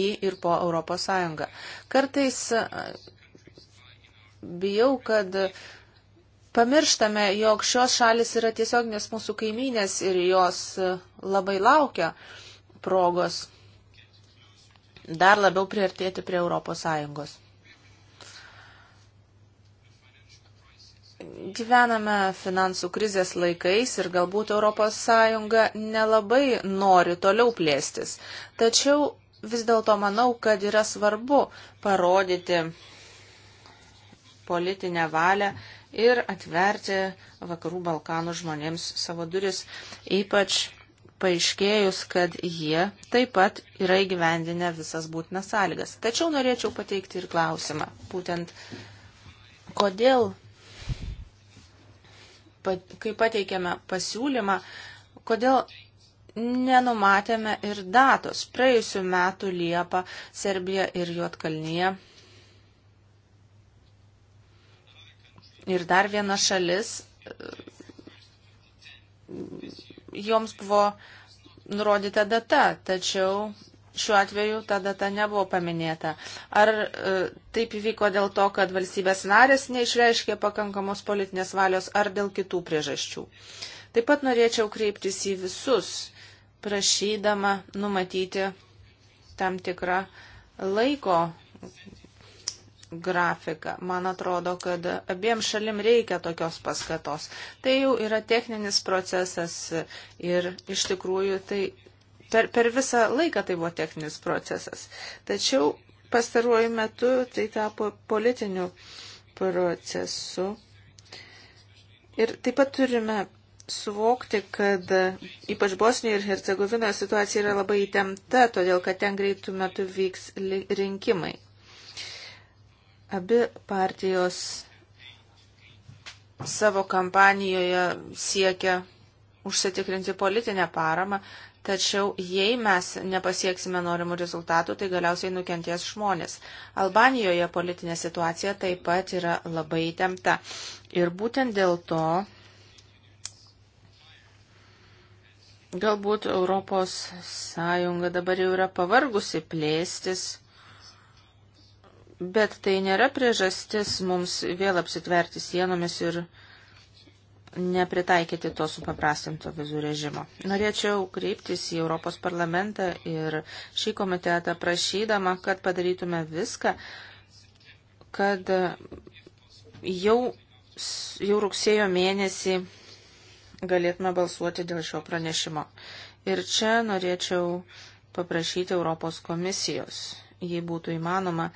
į ir po Europos Sąjungą. Kartais bijau, kad pamirštame, jog šios šalis yra tiesiog nes mūsų kaimynės ir jos labai laukia progos dar labiau priartėti prie Europos Sąjungos. gyvename finansų krizės laikais ir galbūt ES nelabai nori toliau plėstis. Tačiau vis dėlto manau, kad yra svarbu parodyti politinę valią ir atverti vakarų Balkanų žmonėms savo duris, ypač paaiškėjus, kad jie taip pat yra įgyvendinę visas būtinas sąlygas. Tačiau norėčiau pateikti ir klausimą, būtent kodėl kai pateikėme pasiūlymą, kodėl nenumatėme ir datos. Praėjusiu metu Liepa, Serbija ir Juotkalnyje. Ir dar viena šalis, joms buvo nurodyta data, tačiau šiuo atveju ta data nebuvo paminėta. Ar e, taip įvyko dėl to, kad valstybės narės neišreiškė pakankamos politinės valios, ar dėl kitų priežasčių? Taip pat norėčiau kreiptis į visus, prašydama numatyti tam tikrą laiko grafiką. Man atrodo, kad abiem šalim reikia tokios paskatos. Tai jau yra techninis procesas ir iš tikrųjų tai per, per visą laiką tai buvo techninis procesas. Tačiau pastaruoju metu tai tapo politiniu procesu. Ir taip pat turime suvokti, kad ypač Bosnijoje ir Hercegovinoje situacija yra labai įtempta, todėl kad ten greitų metų vyks rinkimai. Abi partijos savo kampanijoje siekia užsitikrinti politinę paramą Tačiau jei mes nepasieksime norimų rezultatų, tai galiausiai nukenties žmonės. Albanijoje politinė situacija taip pat yra labai įtempta. Ir būtent dėl to galbūt Europos Sąjunga dabar jau yra pavargusi plėstis. Bet tai nėra priežastis mums vėl apsitverti sienomis ir nepritaikyti to supaprastinto vizų režimo. Norėčiau kreiptis į Europos parlamentą ir šį komitetą prašydama, kad padarytume viską, kad jau, jau rugsėjo mėnesį galėtume balsuoti dėl šio pranešimo. Ir čia norėčiau paprašyti Europos komisijos, jei būtų įmanoma,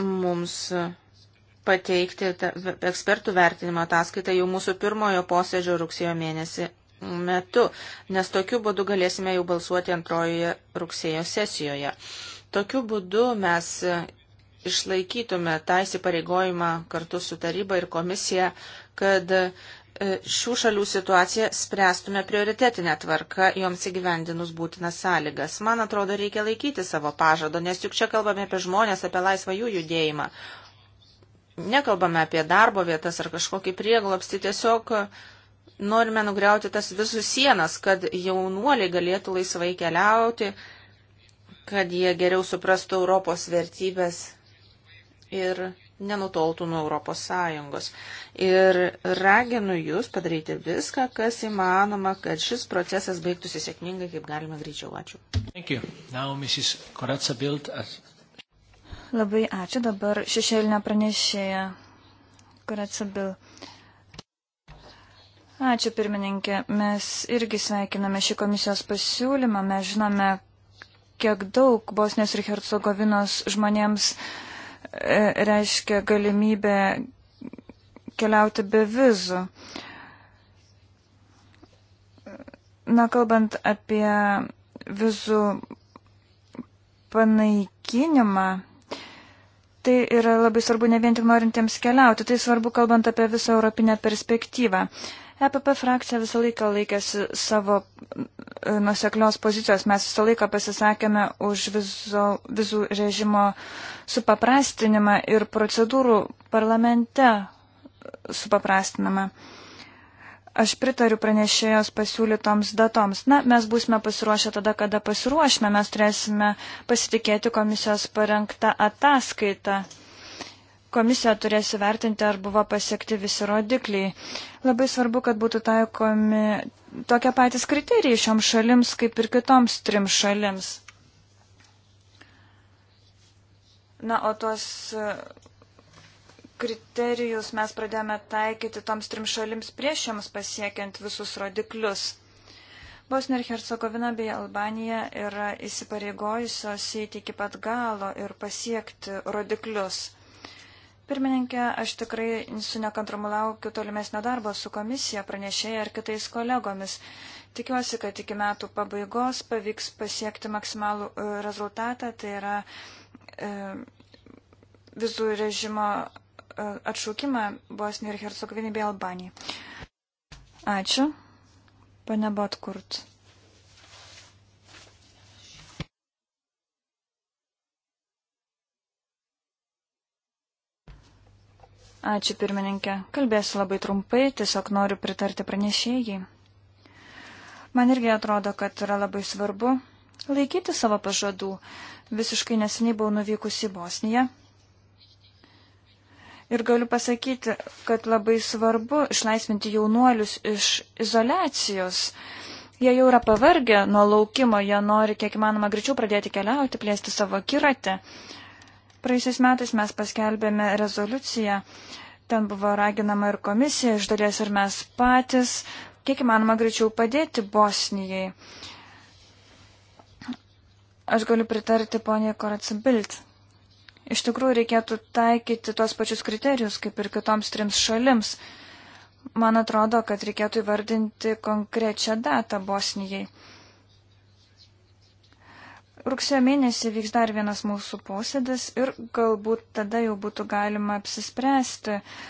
mums pateikti ekspertų vertinimo ataskaitą jau mūsų pirmojo posėdžio rugsėjo mėnesį metu, nes tokiu būdu galėsime jau balsuoti antrojoje rugsėjo sesijoje. Tokiu būdu mes išlaikytume tą įsipareigojimą kartu su taryba ir komisija, kad e, šių šalių situaciją spręstume prioritetinę tvarką, joms įgyvendinus būtinas sąlygas. Man atrodo, reikia laikyti savo pažado, nes juk čia kalbame apie žmonės, apie laisvą jų judėjimą nekalbame apie darbo vietas ar kažkokį prieglapstį, tiesiog norime nugriauti tas visus sienas, kad jaunuoliai galėtų laisvai keliauti, kad jie geriau suprastų Europos vertybės ir nenutoltų nuo Europos Sąjungos. Ir raginu Jūs padaryti viską, kas įmanoma, kad šis procesas baigtųsi sėkmingai, kaip galima greičiau. Ačiū. Thank you. Now, Mrs. Koratsa Bild, as Labai ačiū dabar šešėlinę pranešėją, Kuracabil. Ačiū pirmininkė. Mes irgi sveikiname šį komisijos pasiūlymą. Mes žinome, kiek daug Bosnės ir Hercegovinos žmonėms e, reiškia galimybę keliauti be vizų. Na, kalbant apie vizų panaikinimą, Tai yra labai svarbu ne vien tik norintiems keliauti, tai svarbu kalbant apie visą europinę perspektyvą. EPP frakcija visą laiką laikėsi savo e, nuseklios pozicijos. Mes visą laiką pasisakėme už vizo, vizų režimo supaprastinimą ir procedūrų parlamente supaprastinimą. Uh, Aš pritariu pranešėjos pasiūlytoms datoms. Na, mes būsime pasiruošę tada, kada pasiruošime, mes turėsime pasitikėti komisijos parengtą ataskaitą. Komisija turės įvertinti, ar buvo pasiekti visi rodikliai. Labai svarbu, kad būtų taikomi tokie patys kriterijai šioms šalims, kaip ir kitoms trim šalims. Na, o tuos kriterijus mes pradėjome taikyti toms trim šalims prieš joms pasiekiant visus rodiklius. Bosnija ir Hercegovina bei Albanija yra įsipareigojusios įti iki pat galo ir pasiekti rodiklius. Pirmininkė, aš tikrai su nekantrumu laukiu tolimesnio darbo su komisija, pranešėja ir kitais kolegomis. Tikiuosi, kad iki metų pabaigos pavyks pasiekti maksimalų e, rezultatą, tai yra e, vizų režimo atšaukimą Bosnijoje ir Hercegovinai bei Albanijai. Ačiū. Pane Botkurt. Ačiū pirmininkė. Kalbėsiu labai trumpai, tiesiog noriu pritarti pranešėjai. Man irgi atrodo, kad yra labai svarbu laikyti savo pažadų. Visiškai neseniai buvau nuvykusi į Bosniją Ir galiu pasakyti, kad labai svarbu išlaisvinti jaunuolius iš izolacijos. Jie jau yra pavargę nuo laukimo, jie nori kiek įmanoma greičiau pradėti keliauti, plėsti savo kiratę. Praėjusiais metais mes paskelbėme rezoliuciją, ten buvo raginama ir komisija, iš dalies ir mes patys, kiek įmanoma greičiau padėti Bosnijai. Aš galiu pritarti poniai Koracibilt. Iš tikrųjų, reikėtų taikyti tos pačius kriterijus, kaip ir kitoms trims šalims. Man atrodo, kad reikėtų įvardinti konkrečią datą Bosnijai. Rugsėjo mėnesį vyks dar vienas mūsų posėdis ir galbūt tada jau būtų galima apsispręsti, uh,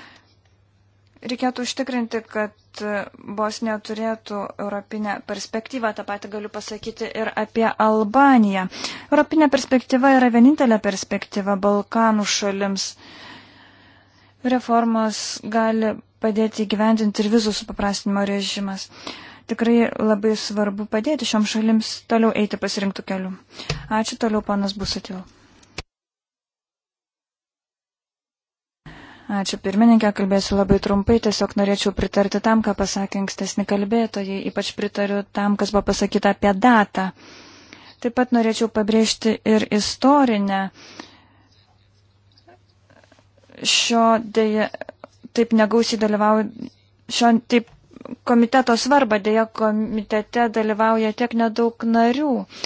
Reikėtų užtikrinti, kad Bosnija turėtų europinę perspektyvą, tą patį galiu pasakyti ir apie Albaniją. Europinė perspektyva yra vienintelė perspektyva Balkanų šalims. Reformos gali padėti įgyvendinti ir vizų supaprastinimo režimas. Tikrai labai svarbu padėti šioms šalims toliau eiti pasirinktų kelių. Ačiū toliau, panas Busatil. Ačiū pirmininkė, kalbėsiu labai trumpai, tiesiog norėčiau pritarti tam, ką pasakė ankstesni kalbėtojai, ypač pritariu tam, kas buvo pasakyta apie datą. Taip pat norėčiau pabrėžti ir istorinę šio dėja, taip negausiai dalyvauju, šio taip komiteto svarbą, dėja komitete dalyvauja tiek nedaug narių. Uh,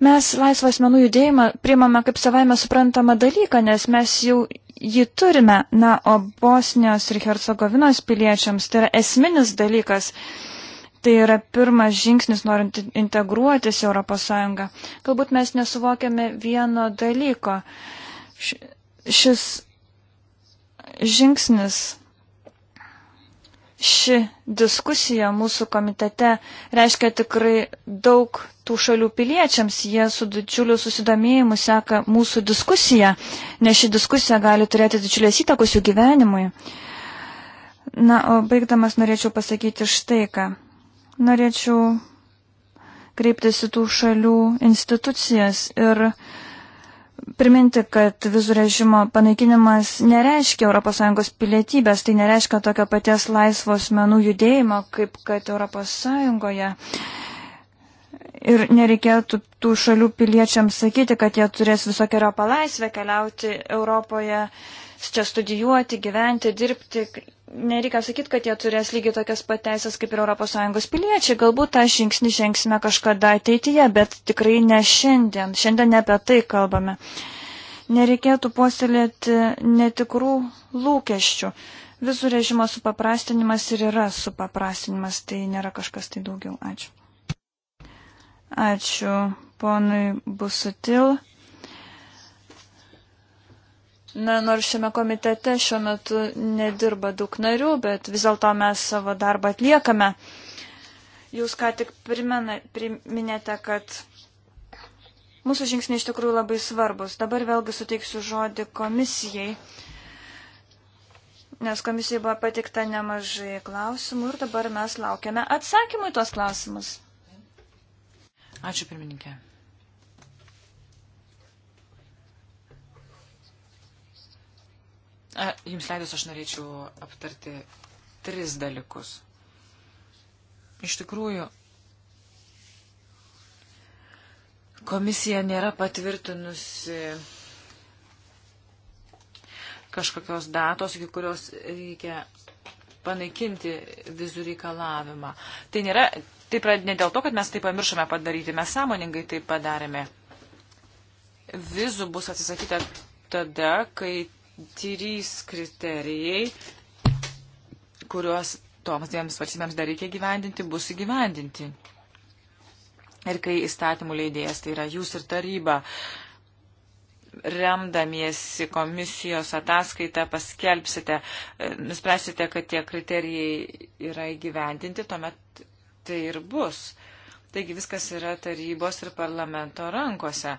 Mes laisvą asmenų judėjimą priimame kaip savaime suprantamą dalyką, nes mes jau jį turime. Na, o Bosnijos ir Hercegovinos piliečiams tai yra esminis dalykas. Tai yra pirmas žingsnis, norint integruotis į ES. Galbūt mes nesuvokiame vieno dalyko. Šis žingsnis ši diskusija mūsų komitete reiškia tikrai daug tų šalių piliečiams. Jie su didžiuliu susidomėjimu seka mūsų diskusiją, nes ši diskusija gali turėti didžiulės įtakos jų gyvenimui. Na, o baigdamas norėčiau pasakyti štai ką. Norėčiau kreiptis į tų šalių institucijas ir uh, priminti, kad vizų režimo panaikinimas nereiškia ES pilietybės, tai nereiškia tokio paties laisvos menų judėjimo, kaip kad ES. Ir nereikėtų tų šalių piliečiams sakyti, kad jie turės visokiojo palaisvę keliauti Europoje, čia studijuoti, gyventi, dirbti, nereikia sakyti, kad jie turės lygiai tokias pat teisės kaip ir ES piliečiai. Galbūt tą žingsnį žengsime kažkada ateityje, bet tikrai ne šiandien. Šiandien ne apie tai kalbame. Nereikėtų puoselėti netikrų lūkesčių. Visų režimo supaprastinimas ir yra supaprastinimas, tai nėra kažkas tai daugiau. Ačiū. Ačiū ponui Busutil. Na, nors šiame komitete šiuo metu nedirba daug narių, bet vis dėlto mes savo darbą atliekame. Jūs ką tik primena, priminėte, kad mūsų žingsniai iš tikrųjų labai svarbus. Dabar vėlgi suteiksiu žodį komisijai, nes komisijai buvo patikta nemažai klausimų ir dabar mes laukiame atsakymų į tuos klausimus. Ačiū pirmininkė. A, jums leidus aš norėčiau aptarti tris dalykus. Iš tikrųjų, komisija nėra patvirtinusi kažkokios datos, iki kurios reikia panaikinti vizų reikalavimą. Tai nėra, tai prad, ne dėl to, kad mes tai pamiršome padaryti, mes sąmoningai tai padarėme. Vizų bus atsisakyta tada, kai trys kriterijai, kuriuos toms dviems valstybėms dar reikia gyvendinti, bus įgyvendinti. Ir kai įstatymų leidėjas, tai yra jūs ir taryba, remdamiesi komisijos ataskaitą paskelbsite, e, nuspręsite, kad tie kriterijai yra įgyvendinti, tuomet tai ir bus. Taigi viskas yra tarybos ir parlamento rankose.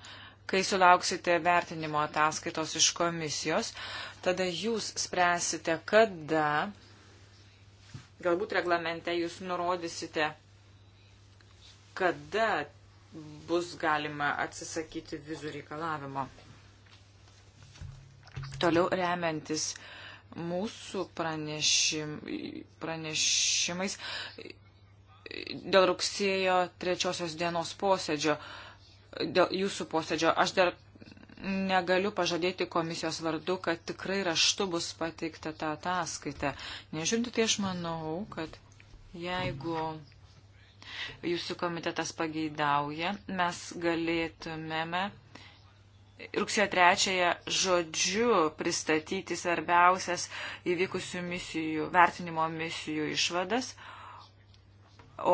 Kai sulauksite vertinimo ataskaitos iš komisijos, tada jūs spręsite, kada, galbūt reglamente jūs nurodysite, kada bus galima atsisakyti vizų reikalavimo. Toliau remiantis mūsų pranešim, pranešimais dėl rugsėjo trečiosios dienos posėdžio dėl jūsų posėdžio. Aš dar negaliu pažadėti komisijos vardu, kad tikrai raštu bus pateikta ta ataskaita. Nežiūrint, tai aš manau, kad jeigu jūsų komitetas pageidauja, mes galėtumėme rugsėjo 3-ąją žodžiu pristatyti svarbiausias įvykusių misijų, vertinimo misijų išvadas,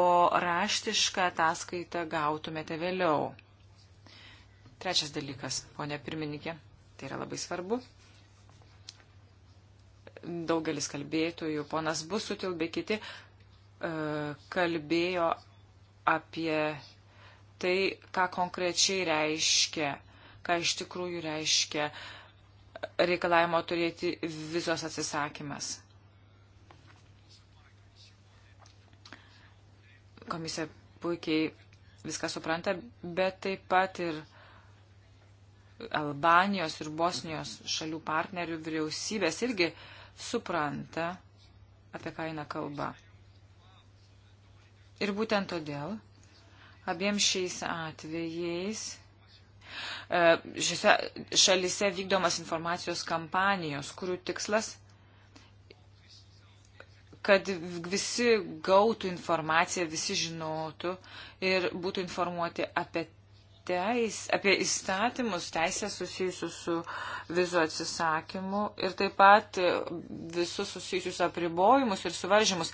o raštišką ataskaitą gautumėte vėliau. Trečias dalykas, ponė pirmininkė, tai yra labai svarbu. Daugelis kalbėtojų, ponas Busutil bei kiti, e, kalbėjo apie tai, ką konkrečiai reiškia, ką iš tikrųjų reiškia reikalavimo turėti vizos atsisakymas. Komisija puikiai viską supranta, bet taip pat ir Albanijos ir Bosnijos šalių partnerių vyriausybės irgi supranta, apie ką eina kalba. Ir būtent todėl abiems šiais atvejais e, šiuose šalise vykdomas informacijos kampanijos, kurių tikslas kad visi gautų informaciją, visi žinotų ir būtų informuoti apie teis, apie įstatymus teisės susijusius su vizų atsisakymu ir taip pat visus susijusius apribojimus ir suvaržymus.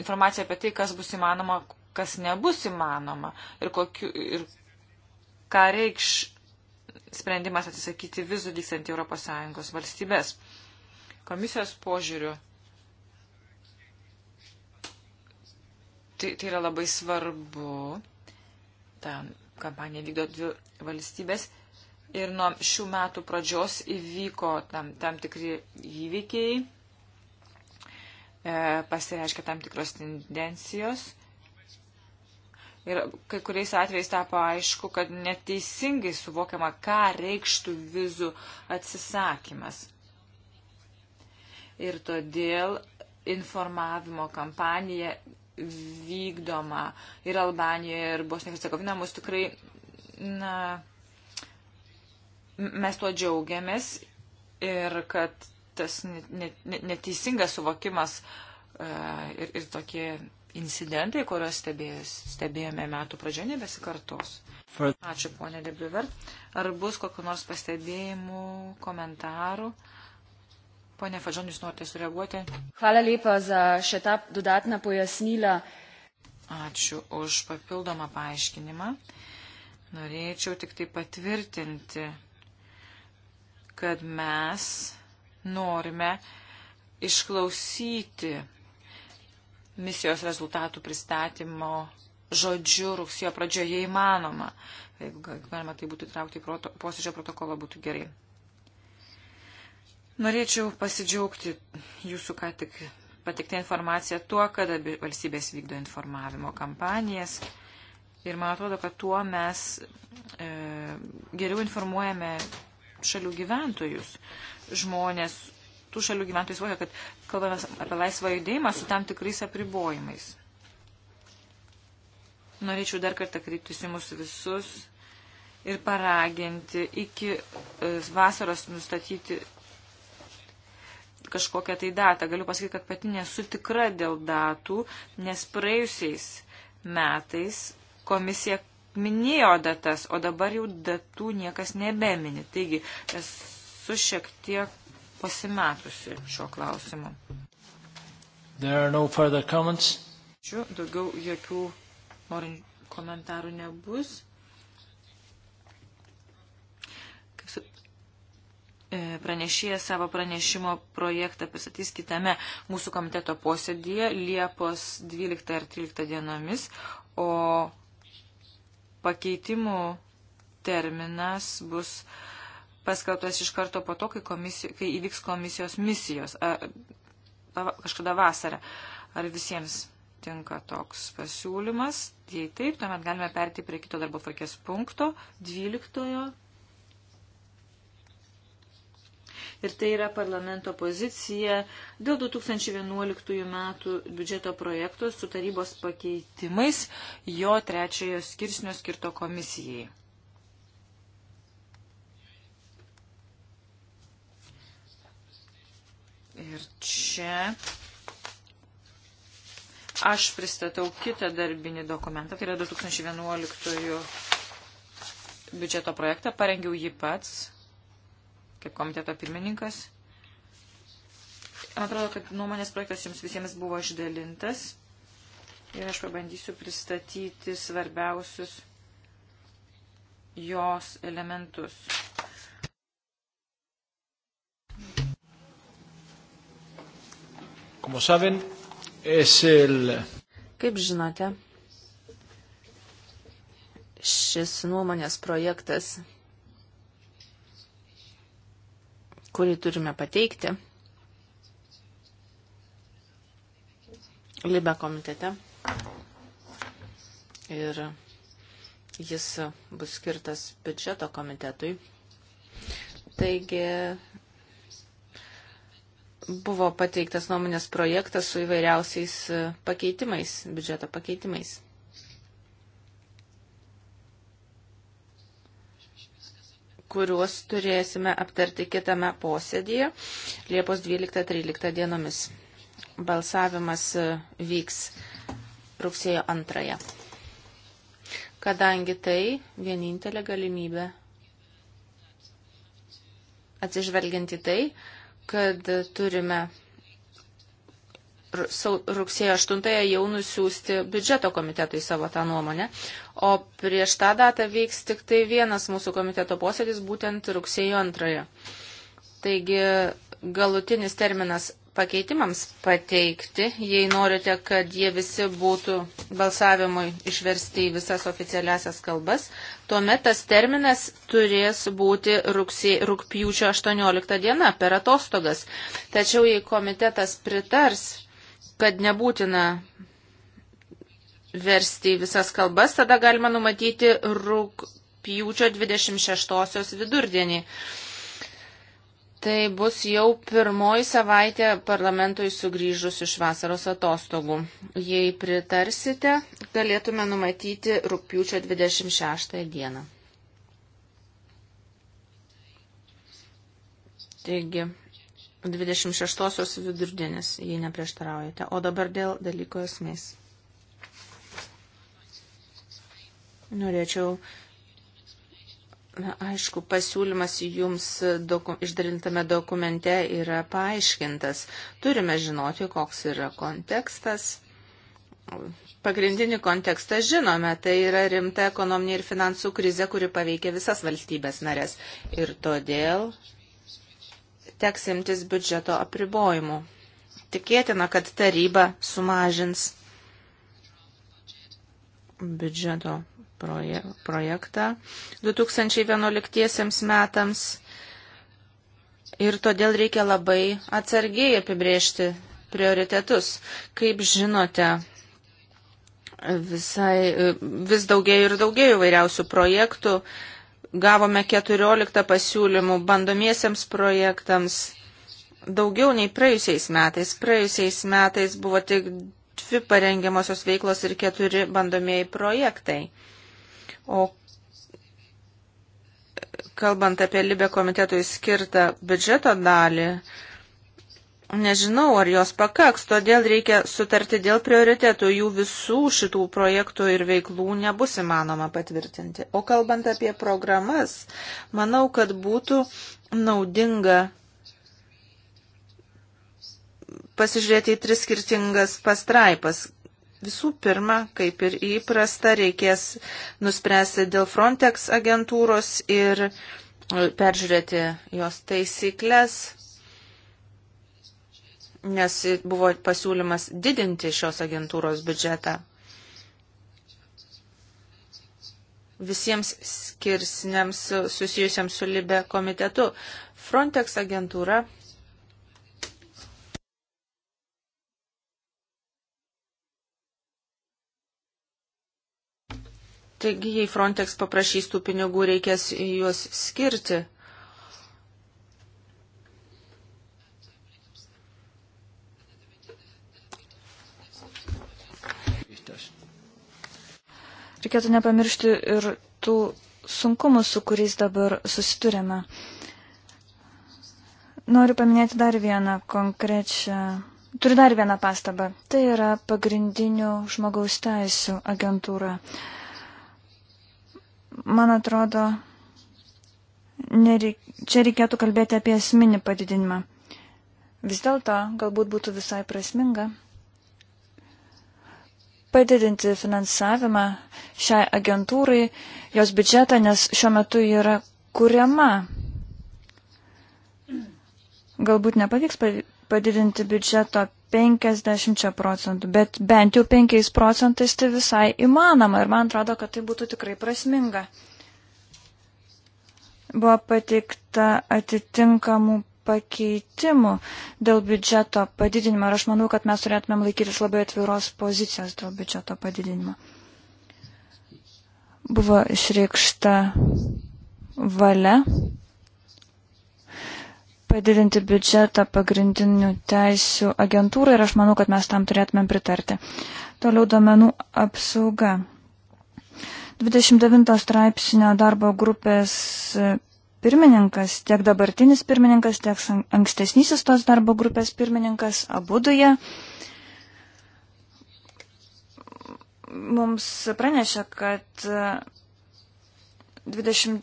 Informacija apie tai, kas bus įmanoma, kas nebus įmanoma ir, kokiu, ir ką reikš sprendimas atsisakyti vizų vykstant į ES valstybės. Komisijos požiūriu tai, tai yra labai svarbu tam, kampaniją vykdo dvi valstybės. Ir nuo šių metų pradžios įvyko tam, tam tikri įvykiai, e, pasireiškia tam tikros tendencijos. Ir kai kuriais atvejais tapo aišku, kad neteisingai suvokiama, ką reikštų vizų atsisakymas. Ir todėl informavimo kampanija vykdoma ir Albanijoje, ir Bosnija ir Hercegovina mus tikrai, na, mes tuo džiaugiamės ir kad tas neteisingas suvokimas e, ir, ir tokie incidentai, kuriuos stebėjus, stebėjome metų pradžioje, nebesikartos. Ačiū, ponė Debriver. Ar bus kokiu nors pastebėjimu, komentarų? Pone Fadžonis, norite sureaguoti? Hvala lepa za šitą dodatną pojasnylą. Ačiū už papildomą paaiškinimą. Norėčiau tik tai patvirtinti, kad mes norime išklausyti misijos rezultatų pristatymo žodžiu rugsėjo pradžioje įmanoma. Jeigu galima tai būtų traukti į proto, posėdžio protokolą, būtų gerai. Norėčiau pasidžiaugti jūsų ką tik patikta informacija tuo, kad abi valstybės vykdo informavimo kampanijas. Ir man atrodo, kad tuo mes e, geriau informuojame šalių gyventojus. Žmonės, tų šalių gyventojus vokia, kad kalbame apie laisvą judėjimą su tam tikrais apribojimais. Norėčiau dar kartą kreiptis į mus visus ir paraginti iki e, vasaros nustatyti kažkokią tai datą. Galiu pasakyti, kad pati nesu tikra dėl datų, nes praėjusiais metais komisija minėjo datas, o dabar jau datų niekas nebemini. Taigi esu šiek tiek pasimetusi šio klausimu. No Ačiū, daugiau jokių norinčių komentarų nebus. E, pranešėjas savo pranešimo projektą pristatys kitame mūsų komiteto posėdėje Liepos 12 ir 13 dienomis, o pakeitimų terminas bus paskelbtas iš karto po to, kai, komisijo, kai įvyks komisijos misijos, a, kažkada vasarą. Ar visiems tinka toks pasiūlymas? Jei taip, tuomet galime perti prie kito darbo tvarkės punkto, 12 ir tai yra parlamento pozicija dėl 2011 metų biudžeto projekto su tarybos pakeitimais jo trečiojo skirsnio skirto komisijai. Ir čia aš pristatau kitą darbinį dokumentą, tai yra 2011 biudžeto projektą, parengiau jį pats kaip komiteto pirmininkas. Man atrodo, kad nuomonės projektas jums visiems buvo išdalintas ir aš pabandysiu pristatyti svarbiausius jos elementus. Como saben, es el... Kaip žinote, šis nuomonės projektas kurį turime pateikti Libe komitete. Ir jis bus skirtas biudžeto komitetui. Taigi buvo pateiktas nuomonės projektas su įvairiausiais pakeitimais, biudžeto pakeitimais. kuriuos turėsime aptarti kitame posėdėje Liepos 12-13 dienomis. Balsavimas e, vyks rugsėjo 2. Kadangi tai vienintelė galimybė atsižvelgiant į tai, kad turime rugsėjo 8 jau nusiųsti biudžeto komitetui savo tą nuomonę, o prieš tą datą vyks tik tai vienas mūsų komiteto posėdis, būtent rugsėjo 2. Taigi galutinis terminas pakeitimams pateikti, jei norite, kad jie visi būtų balsavimui išversti į visas oficialiasias kalbas, tuomet tas terminas turės būti rugsė, rūpjūčio 18 diena per atostogas. Tačiau jei komitetas pritars kad nebūtina versti į visas kalbas, tada galima numatyti rūpjūčio 26 vidurdienį. Tai bus jau pirmoji savaitė parlamentui sugrįžus iš vasaros atostogų. Jei pritarsite, galėtume numatyti rūpjūčio 26 dieną. Taigi, 26 vidurdienis, jei neprieštaraujate. O dabar dėl dalyko esmės. Norėčiau, na, aišku, pasiūlymas jums doku, išdalintame dokumente yra paaiškintas. Turime žinoti, koks yra kontekstas. Pagrindinį kontekstą žinome, tai yra rimta ekonominė ir finansų krizė, kuri paveikia visas valstybės narės. Ir todėl teks imtis biudžeto apribojimų. Tikėtina, kad taryba sumažins biudžeto proje, projektą 2011 metams ir todėl reikia labai atsargiai apibriežti prioritetus. Kaip žinote, visai, vis daugėjo ir daugėjo vairiausių projektų, Gavome 14 pasiūlymų bandomiesiems projektams daugiau nei praėjusiais metais. Praėjusiais metais buvo tik dvi parengiamosios veiklos ir keturi bandomieji projektai. O kalbant apie Libė komitetui skirtą biudžeto dalį, Nežinau, ar jos pakaks, todėl reikia sutarti dėl prioritetų. Jų visų šitų projektų ir veiklų nebus įmanoma patvirtinti. O kalbant apie programas, manau, kad būtų naudinga pasižiūrėti į tris skirtingas pastraipas. Visų pirma, kaip ir įprasta, reikės nuspręsti dėl Frontex agentūros ir peržiūrėti jos taisyklės nes buvo pasiūlymas didinti šios agentūros biudžetą. Visiems skirsniams susijusiams su Libe komitetu. Frontex agentūra Taigi, jei Frontex paprašys tų pinigų, reikės juos skirti. Reikėtų nepamiršti ir tų sunkumų, su kuriais dabar susiturėme. Noriu paminėti dar vieną konkrečią. Turiu dar vieną pastabą. Tai yra pagrindinių žmogaus teisų agentūra. Man atrodo, nereik... čia reikėtų kalbėti apie esminį padidinimą. Vis dėlto, galbūt būtų visai prasminga padidinti finansavimą šiai agentūrai, jos biudžetą, nes šiuo metu yra kuriama. Galbūt nepavyks padidinti biudžeto 50 procentų, bet bent jau 5 procentais tai visai įmanoma ir man atrodo, kad tai būtų tikrai prasminga. Buvo pateikta atitinkamų pakeitimų dėl biudžeto padidinimo ir aš manau, kad mes turėtumėm laikytis labai atviros pozicijos dėl biudžeto padidinimo. Buvo išreikšta valia padidinti biudžetą pagrindinių teisių agentūrai ir aš manau, kad mes tam turėtumėm pritarti. Toliau domenų apsauga. 29 straipsnio darbo grupės pirmininkas, tiek dabartinis pirmininkas, tiek ankstesnysis tos darbo grupės pirmininkas, abu duje, mums pranešė, kad 29 e,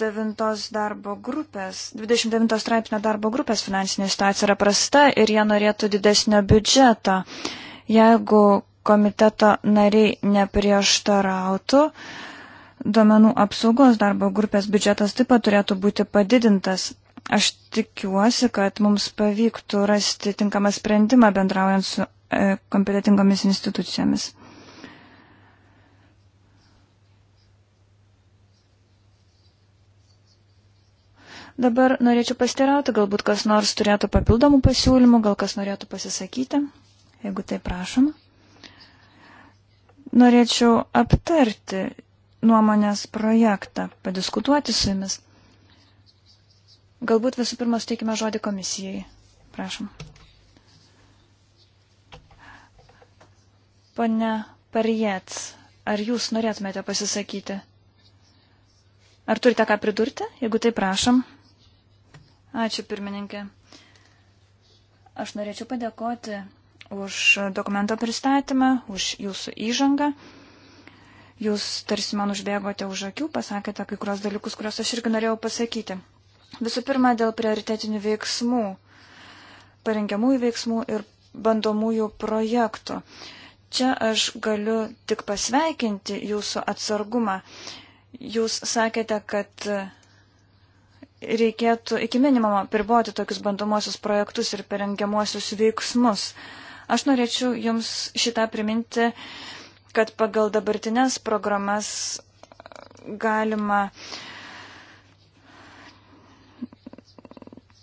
darbo grupės, 29 straipsnio darbo grupės finansinė situacija yra prasta ir jie norėtų didesnio biudžeto. Jeigu komiteto nariai neprieštarautų, uh, Domenų apsaugos darbo grupės biudžetas taip pat turėtų būti padidintas. Aš tikiuosi, kad mums pavyktų rasti tinkamą sprendimą bendraujant su e, kompetitingomis institucijomis. Dabar norėčiau pastirauti, galbūt kas nors turėtų papildomų pasiūlymų, gal kas norėtų pasisakyti, jeigu tai prašoma. Norėčiau aptarti nuomonės projektą, padiskutuoti su jumis. Galbūt visų pirma suteikime žodį komisijai. Prašom. Pane Parijets, ar jūs norėtumėte pasisakyti? Ar turite ką pridurti? Jeigu tai prašom. Ačiū, pirmininkė. Aš norėčiau padėkoti už dokumento pristatymą, už jūsų įžangą. Jūs tarsi man užbėgote už akių, pasakėte kai kurios dalykus, kuriuos aš irgi norėjau pasakyti. Visų pirma, dėl prioritetinių veiksmų, parengiamųjų veiksmų ir bandomųjų projektų. Čia aš galiu tik pasveikinti jūsų atsargumą. Jūs sakėte, kad reikėtų iki minimumo priboti tokius bandomosius projektus ir perengiamuosius veiksmus. Aš norėčiau Jums šitą priminti kad pagal dabartinės programas galima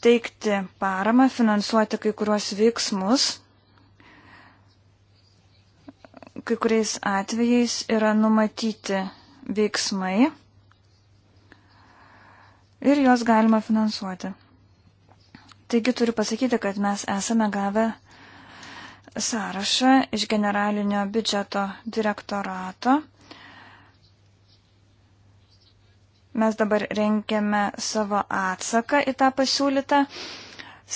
teikti paramą, finansuoti kai kuriuos veiksmus. Kai kuriais atvejais yra numatyti veiksmai ir juos galima finansuoti. Taigi turiu pasakyti, kad mes esame gavę sąrašą iš generalinio biudžeto direktorato. Mes dabar renkiame savo atsaką į tą pasiūlytą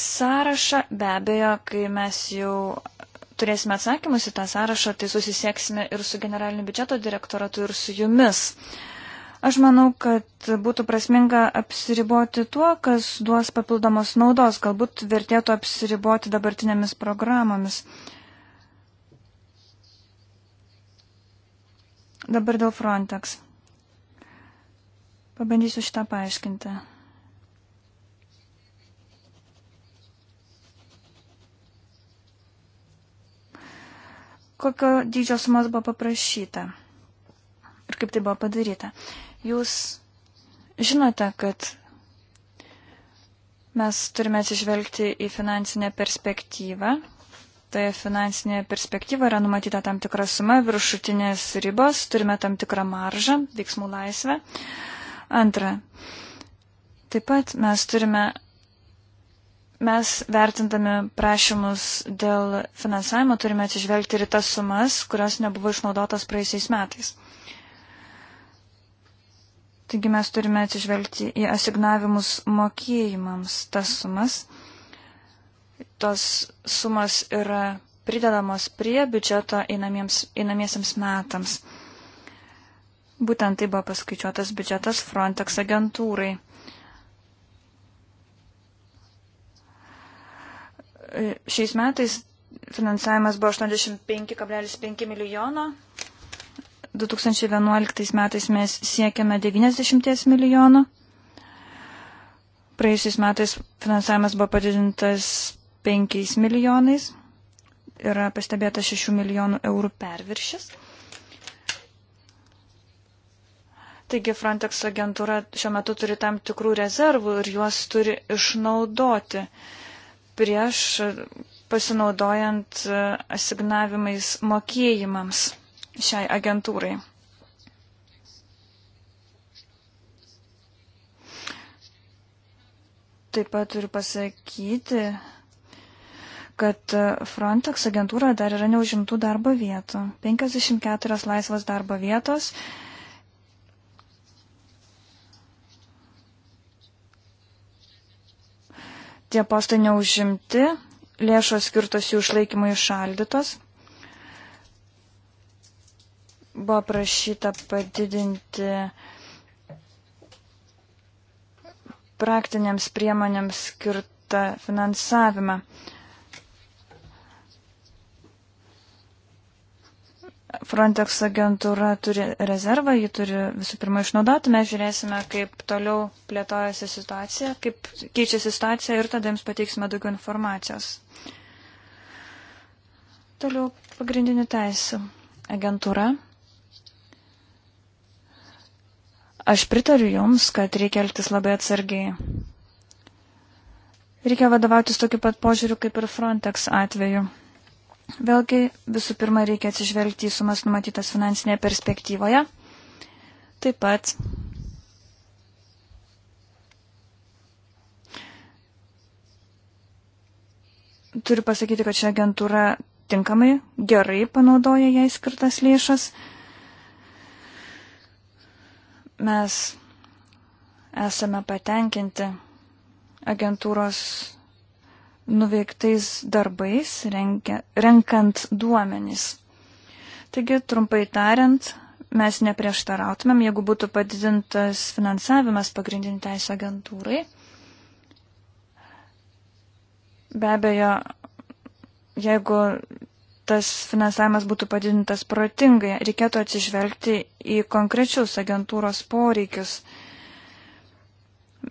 sąrašą. Be abejo, kai mes jau turėsime atsakymus į tą sąrašą, tai susisieksime ir su generaliniu biudžeto direktoratu, ir su jumis. Uh, Aš manau, kad būtų prasminga apsiriboti tuo, kas duos papildomos naudos, galbūt vertėtų apsiriboti dabartinėmis programomis. Dabar dėl Frontex. Pabandysiu šitą paaiškinti. Kokio dydžio sumas buvo paprašyta ir kaip tai buvo padaryta. Jūs žinote, kad mes turime atsižvelgti į finansinę perspektyvą. Toje finansinėje perspektyvoje yra numatyta tam tikra suma, viršutinės ribos, turime tam tikrą maržą, veiksmų laisvę. Antra, taip pat mes turime mes vertindami prašymus dėl finansavimo turime atsižvelgti ir tas sumas, kurios nebuvo išnaudotas praeisiais metais. Taigi mes turime atsižvelgti į asignavimus mokėjimams tas sumas. Tos sumas yra pridedamos prie biudžeto einamiesiams metams. Būtent tai buvo paskaičiuotas biudžetas Frontex agentūrai. Šiais metais finansavimas buvo 85,5 milijono, 2011 metais mes siekiame 90 milijonų. Praėjusiais metais finansavimas buvo padidintas 5 milijonais. Yra pastebėta 6 milijonų eurų perviršis. Taigi Frontex agentūra šiuo metu turi tam tikrų rezervų ir juos turi išnaudoti prieš pasinaudojant asignavimais mokėjimams šiai agentūrai. Taip pat turiu pasakyti, kad Frontex agentūroje dar yra neužimtų darbo vietų. 54 laisvas darbo vietos. Tie postai neužimti, lėšos skirtos jų išlaikymui išaldytos. Buvo prašyta padidinti praktiniams priemonėms skirtą finansavimą. Frontex agentūra turi rezervą, jį turi visų pirma išnaudoti, mes žiūrėsime, kaip toliau plėtojasi situacija, kaip keičiasi situacija ir tada jums pateiksime daugiau informacijos. Toliau pagrindinių teisų agentūra Aš pritariu Jums, kad reikia elgtis labai atsargiai. Reikia vadovautis tokiu pat požiūriu kaip ir Frontex atveju. Vėlgi, visų pirma, reikia atsižvelgti į sumas numatytas finansinėje perspektyvoje. Taip pat turiu pasakyti, kad ši agentūra tinkamai, gerai panaudoja jai skirtas lėšas. Mes esame patenkinti agentūros nuveiktais darbais, renkia, renkant duomenys. Taigi, trumpai tariant, mes neprieštarautumėm, jeigu būtų padidintas finansavimas pagrindinį teisę agentūrai. Be abejo, jeigu tas finansavimas būtų padidintas protingai. Reikėtų atsižvelgti į konkrečius agentūros poreikius.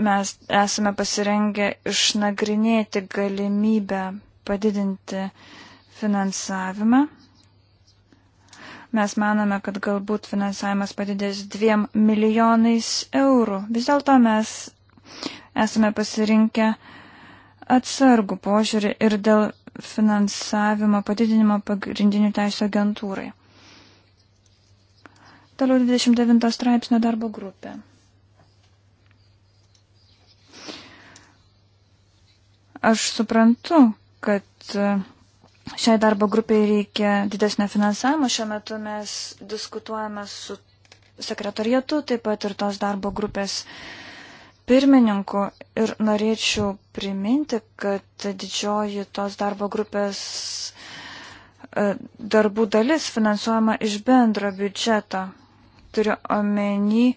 Mes esame pasirengę išnagrinėti galimybę padidinti finansavimą. Mes manome, kad galbūt finansavimas padidės dviem milijonais eurų. Vis dėlto mes esame pasirinkę atsargų požiūrį ir dėl finansavimo padidinimo pagrindinių teisų agentūrai. Toliau 29 straipsnio darbo grupė. Aš suprantu, kad e, šiai darbo grupiai reikia didesnio finansavimo. Šiuo metu mes diskutuojame su sekretariatu, taip pat ir tos darbo grupės uh, pirmininku ir norėčiau priminti, kad didžioji tos darbo grupės e, darbų dalis finansuojama iš bendro biudžeto. Turiu omeny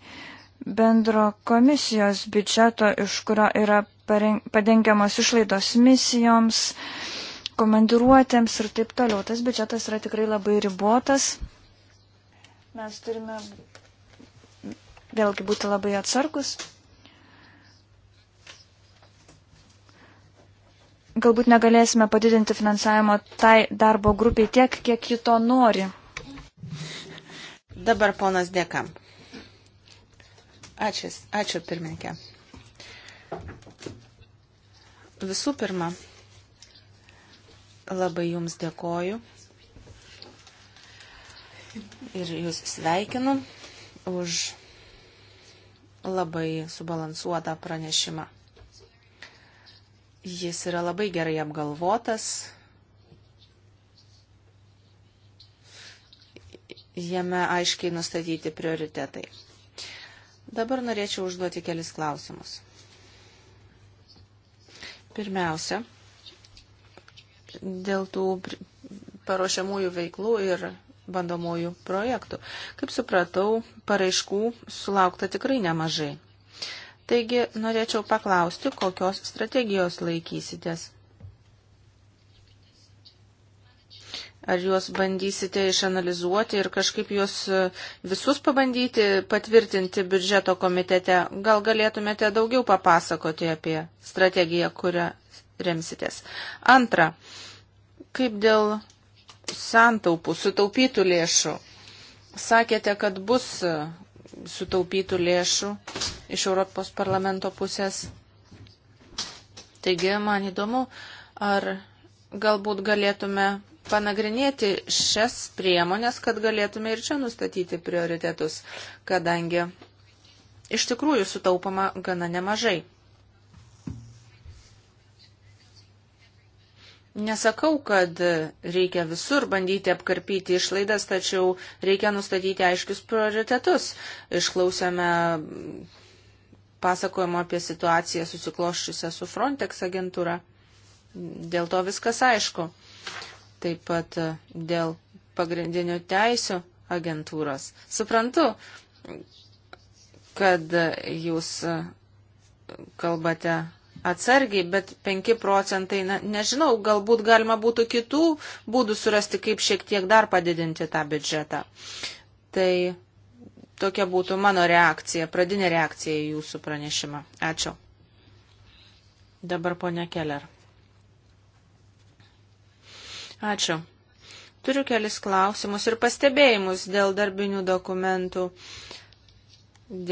bendro komisijos biudžeto, iš kurio yra padengiamos išlaidos misijoms, komandiruotėms ir taip toliau. Tas biudžetas yra tikrai labai ribotas. Mes turime vėlgi būti labai atsargus galbūt negalėsime padidinti finansavimo tai darbo grupiai tiek, kiek ji to nori. Dabar ponas Dėkam. Ačiū, ačiū pirmininkė. Visų pirma, labai Jums dėkoju ir Jūs sveikinu už labai subalansuotą pranešimą. Jis yra labai gerai apgalvotas. Jame aiškiai nustatyti prioritetai. Dabar norėčiau užduoti kelis klausimus. Pirmiausia, dėl tų paruošiamųjų veiklų ir bandomųjų projektų. Kaip supratau, paraiškų sulaukta tikrai nemažai. Taigi norėčiau paklausti, kokios strategijos laikysitės. Ar juos bandysite išanalizuoti ir kažkaip juos e, visus pabandyti patvirtinti biudžeto komitete? Gal galėtumėte daugiau papasakoti apie strategiją, kurią remsitės? Antra, kaip dėl santaupų, sutaupytų lėšų? Sakėte, kad bus e, sutaupytų lėšų iš Europos parlamento pusės. Taigi, man įdomu, ar galbūt galėtume panagrinėti šias priemonės, kad galėtume ir čia nustatyti prioritetus, kadangi iš tikrųjų sutaupama gana nemažai. Nesakau, kad reikia visur bandyti apkarpyti išlaidas, tačiau reikia nustatyti aiškius prioritetus. Išklausėme pasakojama apie situaciją susikloščiusią su Frontex agentūra. Dėl to viskas aišku. Taip pat e, dėl pagrindinių teisų agentūros. Suprantu, kad jūs e, kalbate atsargiai, bet 5 procentai, na, nežinau, galbūt galima būtų kitų būdų surasti, kaip šiek tiek dar padidinti tą biudžetą. Tai Tokia būtų mano reakcija, pradinė reakcija į jūsų pranešimą. Ačiū. Dabar ponia Keller. Ačiū. Turiu kelis klausimus ir pastebėjimus dėl darbinių dokumentų,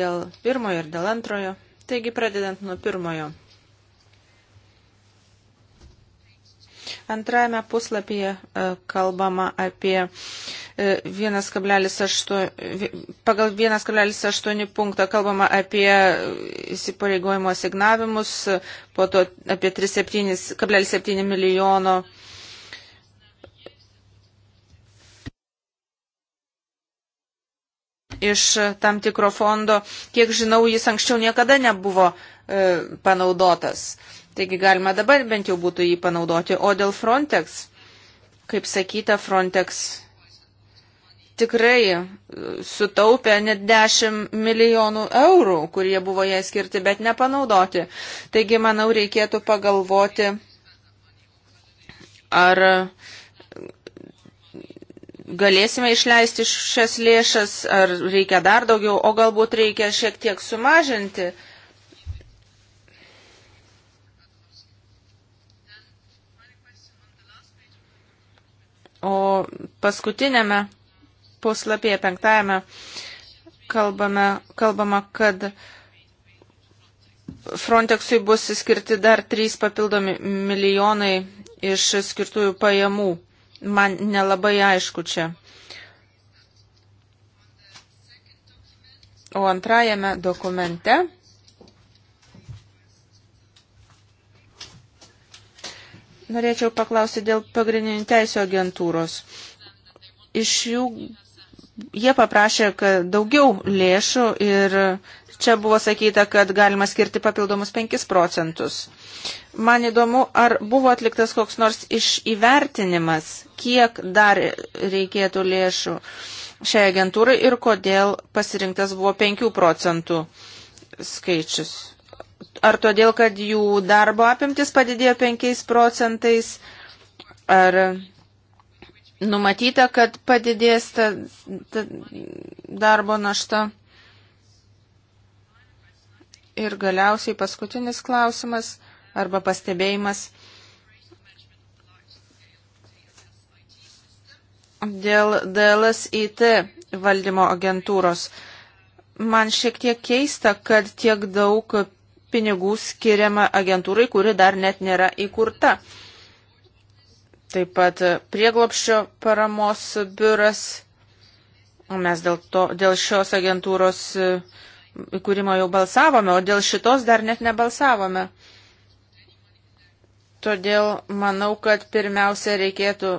dėl pirmojo ir dėl antrojo. Taigi, pradedant nuo pirmojo. Antrajame puslapyje e, kalbama apie uh, 1,8, e, pagal 1,8 punktą kalbama apie įsipareigojimo asignavimus, po to apie 3,7 milijono. iš tam tikro fondo. Kiek žinau, jis anksčiau niekada nebuvo e, panaudotas. Taigi galima dabar bent jau būtų jį panaudoti. O dėl Frontex, kaip sakyta, Frontex tikrai e, sutaupė net 10 milijonų eurų, kurie buvo jai skirti, bet nepanaudoti. Taigi, manau, reikėtų pagalvoti, ar galėsime išleisti šias lėšas, ar reikia dar daugiau, o galbūt reikia šiek tiek sumažinti. O paskutinėme puslapyje penktajame kalbame, kalbama, kad Frontexui bus skirti dar 3 papildomi milijonai iš skirtųjų pajamų. Man nelabai aišku čia. O antrajame dokumente norėčiau paklausti dėl pagrindinių teisų agentūros. Iš jų Jie paprašė daugiau lėšų ir čia buvo sakyta, kad galima skirti papildomus 5 procentus. Man įdomu, ar buvo atliktas koks nors iš įvertinimas, kiek dar reikėtų lėšų šiai agentūrai ir kodėl pasirinktas buvo 5 procentų skaičius. Ar todėl, kad jų darbo apimtis padidėjo 5 procentais, ar numatyta, kad padidės ta, ta darbo našta. Ir galiausiai paskutinis klausimas arba pastebėjimas dėl DLSIT valdymo agentūros. Man šiek tiek keista, kad tiek daug pinigų skiriama agentūrai, kuri dar net nėra įkurta. Taip pat prieglopščio paramos biuras. Mes dėl, to, dėl šios agentūros e, įkūrimo jau balsavome, o dėl šitos dar net nebalsavome. Todėl manau, kad pirmiausia reikėtų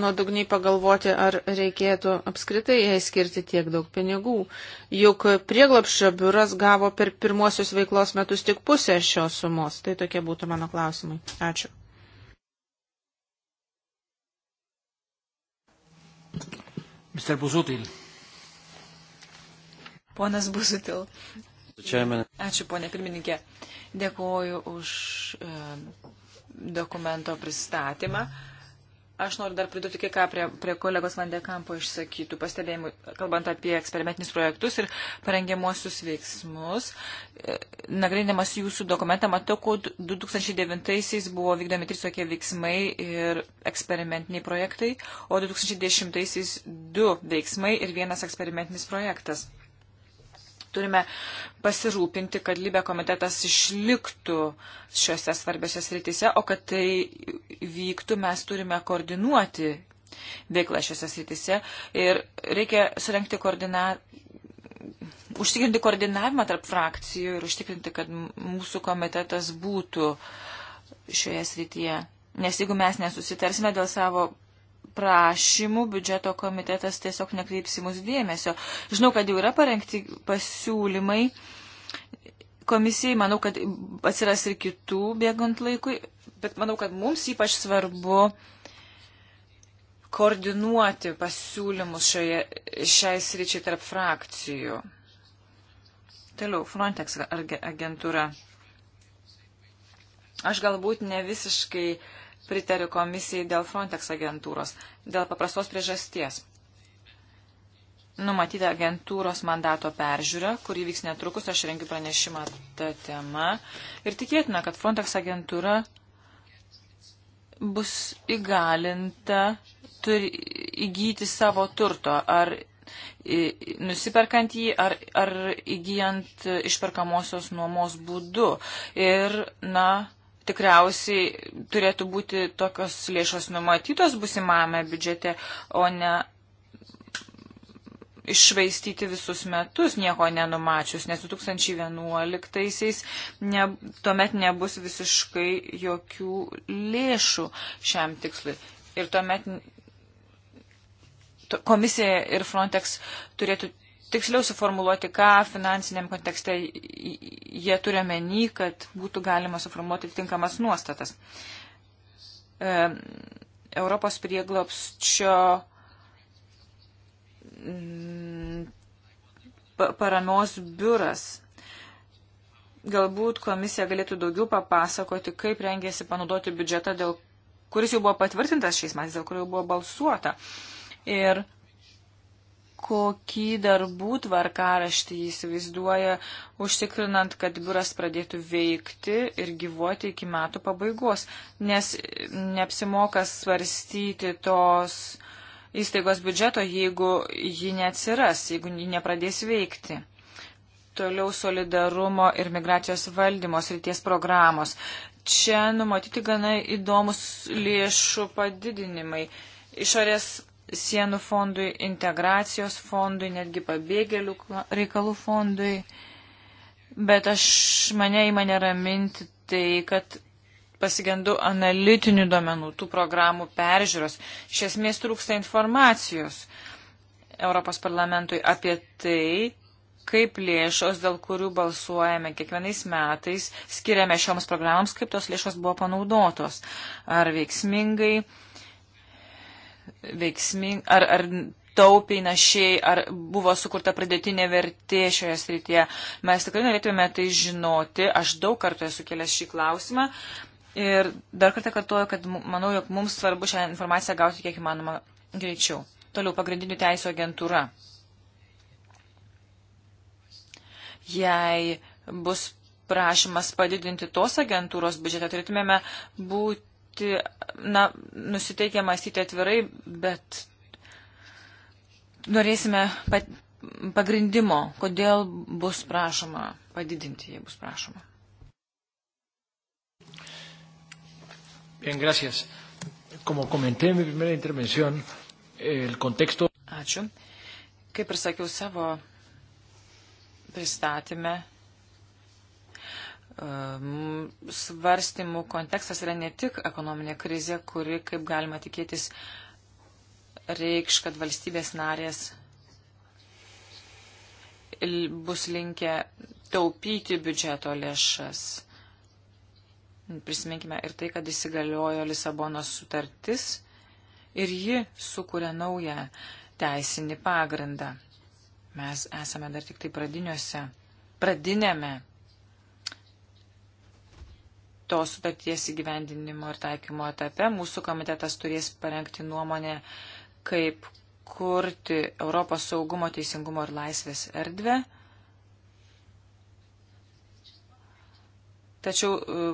nuodugniai pagalvoti, ar reikėtų apskritai jai skirti tiek daug pinigų. Juk prieglapščio biuras gavo per pirmosius veiklos metus tik pusę šios sumos. Tai tokie būtų mano klausimai. Ačiū. Mr. Buzutil. Ponas Buzutil. Ačiū, ponė pirmininkė. Dėkuoju už e, dokumento pristatymą. E, Aš noriu dar pridurti kai ką prie, prie kolegos Vandekampo išsakytų pastebėjimų, kalbant apie eksperimentinius projektus ir parengiamuosius veiksmus. E, Nagrindinamas jūsų dokumentą, matau, kad 2009-aisiais buvo vykdomi trys tokie veiksmai ir eksperimentiniai projektai, o 2010-aisiais du veiksmai ir vienas eksperimentinis projektas turime pasirūpinti, kad Libė komitetas išliktų šiuose svarbiose srityse, o kad tai vyktų, mes turime koordinuoti veiklą šiuose srityse ir reikia surenkti koordina... užtikrinti koordinavimą tarp frakcijų ir užtikrinti, kad mūsų komitetas būtų šioje srityje. Nes jeigu mes nesusitarsime dėl savo prašymų biudžeto komitetas tiesiog nekreips į mus dėmesio. Žinau, kad jau yra parengti pasiūlymai. Komisijai manau, kad atsiras ir kitų bėgant laikui, bet manau, kad mums ypač svarbu koordinuoti pasiūlymus šioje, šiai sričiai tarp frakcijų. Toliau, Frontex agentūra. Aš galbūt ne visiškai uh, pritariu komisijai dėl Frontex agentūros, dėl paprastos priežasties. Numatyta agentūros mandato peržiūra, kuri vyks netrukus, aš rengiu pranešimą tą temą. Ir tikėtina, kad Frontex agentūra bus įgalinta turi įgyti savo turto, ar nusiperkant jį, ar, ar įgyjant išperkamosios nuomos būdu. Ir, na, tikriausiai turėtų būti tokios lėšos numatytos busimame biudžete, o ne išvaistyti visus metus, nieko nenumačius, nes 2011-aisiais ne, tuomet nebus visiškai jokių lėšų šiam tikslui. Ir tuomet komisija ir Frontex turėtų tiksliau suformuluoti, ką finansiniam kontekste jie turi menį, kad būtų galima suformuoti tinkamas nuostatas. E, Europos prieglopščio mm, paramos biuras. Galbūt komisija galėtų daugiau papasakoti, kaip rengėsi panaudoti biudžetą, dėl, kuris jau buvo patvirtintas šiais metais, dėl kurio buvo balsuota. Ir kokį darbų tvarkaraštį jis įsivaizduoja, užtikrinant, kad biuras pradėtų veikti ir gyvuoti iki metų pabaigos, nes neapsimoka svarstyti tos įstaigos biudžeto, jeigu ji neatsiras, jeigu ji nepradės veikti. Toliau solidarumo ir migracijos valdymos ryties programos. Čia numatyti gana įdomus lėšų padidinimai. Išorės sienų fondui, integracijos fondui, netgi pabėgėlių reikalų fondui. Bet aš mane į mane raminti tai, kad pasigendu analitinių domenų, tų programų peržiūros. Iš esmės trūksta informacijos Europos parlamentui apie tai, kaip lėšos, dėl kurių balsuojame kiekvienais metais, skiriame šioms programams, kaip tos lėšos buvo panaudotos. Ar veiksmingai, veiksming, ar, ar taupiai našiai, ar buvo sukurta pridėtinė vertė šioje srityje. Mes tikrai norėtume tai žinoti. Aš daug kartų esu kėlęs šį klausimą. Ir dar kartą kartuoju, kad manau, jog mums svarbu šią informaciją gauti kiek įmanoma greičiau. Toliau pagrindinių teisų agentūra. Jei bus prašymas padidinti tos agentūros biudžetą, turėtumėme būti būti na, nusiteikę mąstyti atvirai, bet norėsime pat, pagrindimo, kodėl bus prašoma padidinti, jei bus prašoma. Bien, gracias. Como comenté en mi primera intervención, el contexto. Ačiū. Kaip ir sakiau savo pristatymę, Ehm, svarstymų kontekstas yra ne tik ekonominė krizė, kuri, kaip galima tikėtis, reikš, kad valstybės narės bus linkę taupyti biudžeto lėšas. Prisiminkime ir tai, kad įsigaliojo Lisabonos sutartis ir ji sukuria naują teisinį pagrindą. Mes esame dar tik tai pradiniuose, pradinėme tos sutarties įgyvendinimo ir taikymo etape mūsų komitetas turės parengti nuomonę, kaip kurti Europos saugumo, teisingumo ir laisvės erdvę. Tačiau e,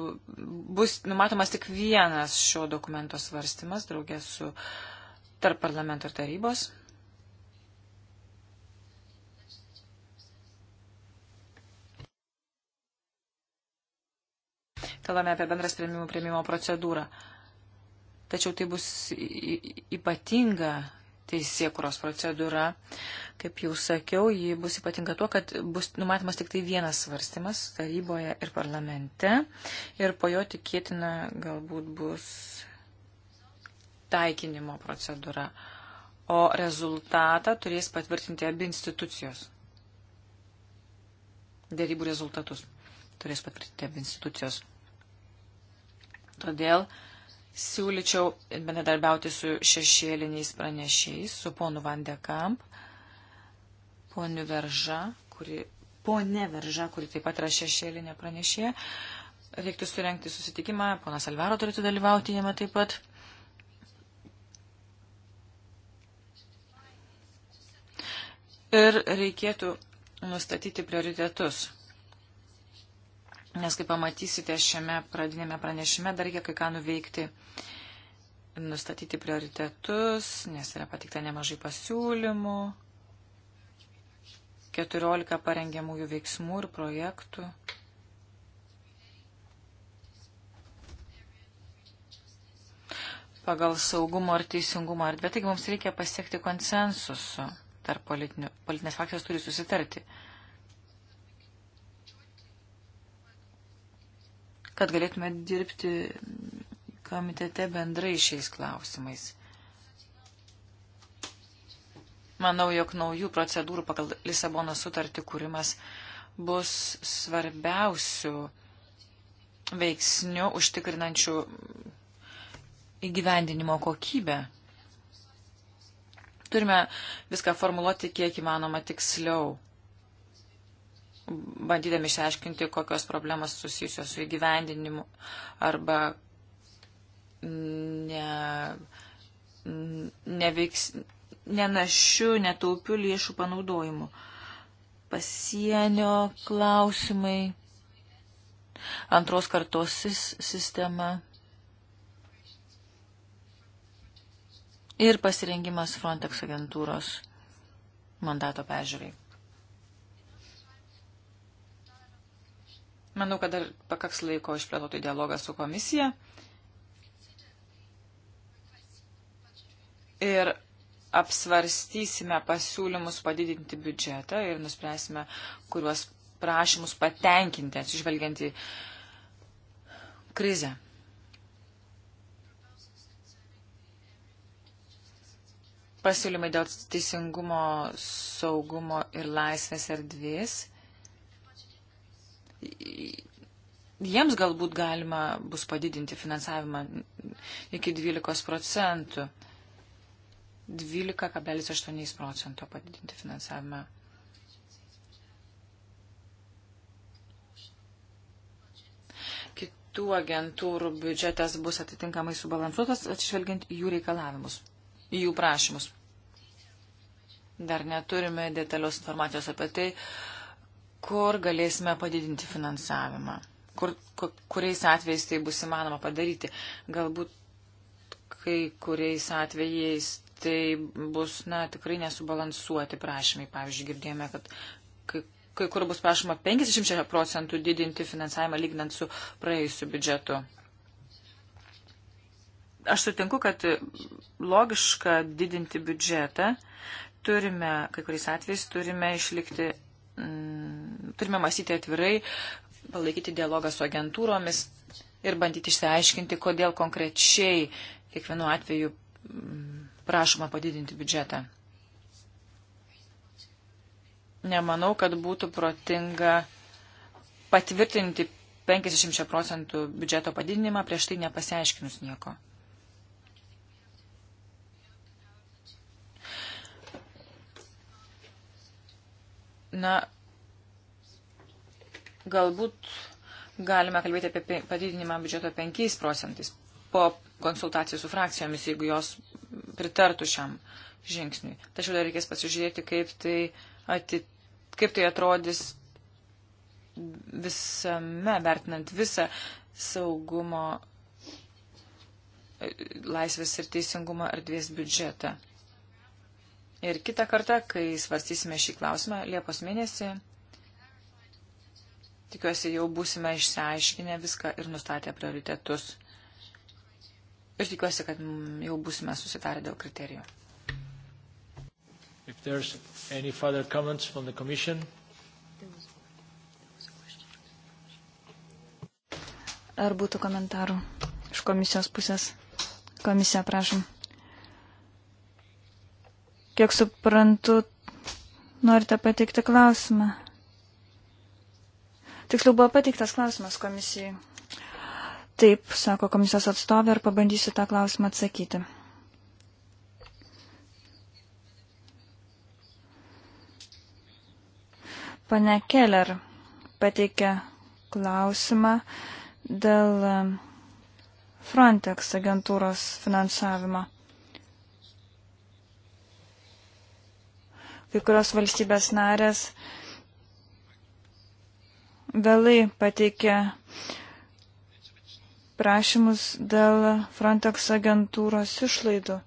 bus numatomas tik vienas šio dokumento svarstymas draugės su tarp parlamento ir tarybos. kalbame apie bendrą sprendimų prieimimo procedūrą. Tačiau tai bus ypatinga teisėkuros procedūra. Kaip jau sakiau, ji bus ypatinga tuo, kad bus numatomas tik tai vienas svarstymas taryboje ir parlamente ir po jo tikėtina galbūt bus taikinimo procedūra, o rezultatą turės patvirtinti abi institucijos. Dėrybų rezultatus turės patvirtinti abi institucijos. Todėl siūlyčiau bendradarbiauti su šešėliniais pranešiais, su ponu Vandekamp, ponu Verža, kuri, ponė Verža, kuri taip pat yra šešėlinė pranešė. Reiktų surenkti susitikimą, ponas Alvaro turėtų dalyvauti jame taip pat. Ir reikėtų nustatyti prioritetus Nes kaip pamatysite šiame pradinėme pranešime, dar reikia kai ką nuveikti, nustatyti prioritetus, nes yra patikta nemažai pasiūlymų, 14 parengiamųjų veiksmų ir projektų. pagal saugumo ir teisingumo erdvę. Taigi mums reikia pasiekti konsensusu tarp politinių. Politinės fakcijos turi susitarti. kad galėtume dirbti komitete bendrai šiais klausimais. Manau, jog naujų procedūrų pagal Lisabono sutartį kūrimas bus svarbiausių veiksnių užtikrinančių įgyvendinimo kokybę. Turime viską formuluoti kiek įmanoma tiksliau bandydami išsiaiškinti, kokios problemos susijusios su įgyvendinimu arba ne, neveiks, nenašių, netaupių lėšų panaudojimu. Pasienio klausimai, antros kartos sistema ir pasirengimas Frontex agentūros mandato pežiūrai. Manau, kad dar pakaks laiko išplėtoti dialogą su komisija. Ir apsvarstysime pasiūlymus padidinti biudžetą ir nuspręsime, kuriuos prašymus patenkinti, atsižvelgiant į krizę. Pasiūlymai dėl teisingumo, saugumo ir laisvės erdvės jiems galbūt galima bus padidinti finansavimą iki 12 procentų. 12,8 procento padidinti finansavimą. Kitų agentūrų biudžetas bus atitinkamai subalansuotas, atsižvelgiant jų reikalavimus, jų prašymus. Dar neturime detalios informacijos apie tai, uh, kur galėsime padidinti finansavimą, kur, kur, kuriais atvejais tai bus įmanoma padaryti. Galbūt kai kuriais atvejais tai bus, na, tikrai nesubalansuoti prašymai. Pavyzdžiui, girdėjome, kad kai, kai kur bus prašoma 56 procentų didinti finansavimą lygnant su praėjusiu biudžetu. Aš sutinku, kad logiška didinti biudžetą, turime, kai kuriais atvejais turime išlikti Mm, turime mąstyti atvirai, palaikyti dialogą su agentūromis ir bandyti išsiaiškinti, kodėl konkrečiai kiekvienu atveju mm, prašoma padidinti biudžetą. Nemanau, kad būtų protinga patvirtinti 50 procentų biudžeto padidinimą prieš tai nepasiaiškinus nieko. Na, galbūt galime kalbėti apie padidinimą biudžeto 5 procentais po konsultacijų su frakcijomis, jeigu jos pritartų šiam žingsniui. Tačiau dar reikės pasižiūrėti, kaip tai, ati, kaip tai atrodys visame, vertinant visą saugumo, laisvės ir teisingumo erdvės biudžetą. Ir kitą kartą, kai svarstysime šį klausimą Liepos mėnesį, tikiuosi jau būsime išsiaiškinę viską ir nustatę prioritetus. Ir tikiuosi, kad jau būsime susitarę dėl kriterijų. If there's any further comments from the Commission. Ar būtų komentarų iš komisijos pusės? Komisija, prašom. Kiek suprantu, norite pateikti klausimą. Tiksliau buvo pateiktas klausimas komisijai. Taip, sako komisijos atstovė ir pabandysiu tą klausimą atsakyti. Pane Keller pateikė klausimą dėl Frontex agentūros finansavimo. kai kurios valstybės narės vėlai pateikė prašymus dėl Frontex agentūros išlaidų.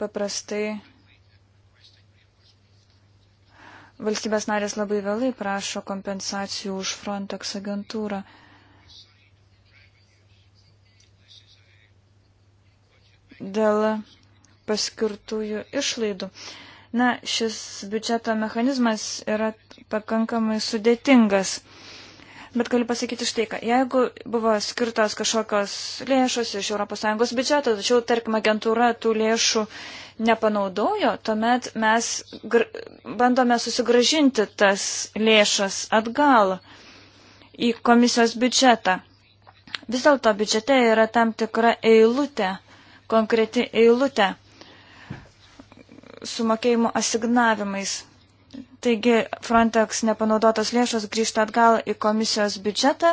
Paprastai valstybės narės labai vėlai prašo kompensacijų už Frontex agentūrą. Dėl paskirtųjų išlaidų. Na, šis biudžeto mechanizmas yra pakankamai sudėtingas. Bet galiu pasakyti štai, kad jeigu buvo skirtos kažkokios lėšos iš ES biudžeto, tačiau, tarkim, agentūra tų lėšų nepanaudojo, tuomet mes bandome susigražinti tas lėšas atgal į komisijos biudžetą. Vis dėlto biudžete yra tam tikra eilutė, konkreti eilutė sumokėjimų asignavimais. Taigi Frontex nepanaudotos lėšos grįžta atgal į komisijos biudžetą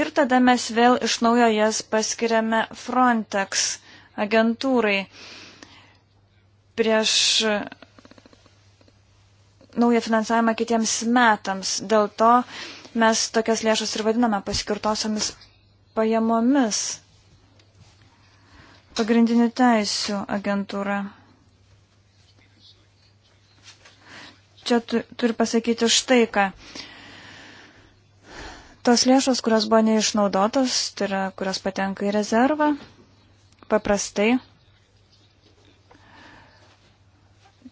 ir tada mes vėl iš naujo jas paskiriame Frontex agentūrai. Prieš naują finansavimą kitiems metams. Dėl to mes tokias lėšas ir vadiname paskirtosiomis pajamomis. Pagrindinių teisių agentūra. čia tu, turiu pasakyti štai ką. Tos lėšos, kurios buvo neišnaudotos, tai yra, kurios patenka į rezervą, paprastai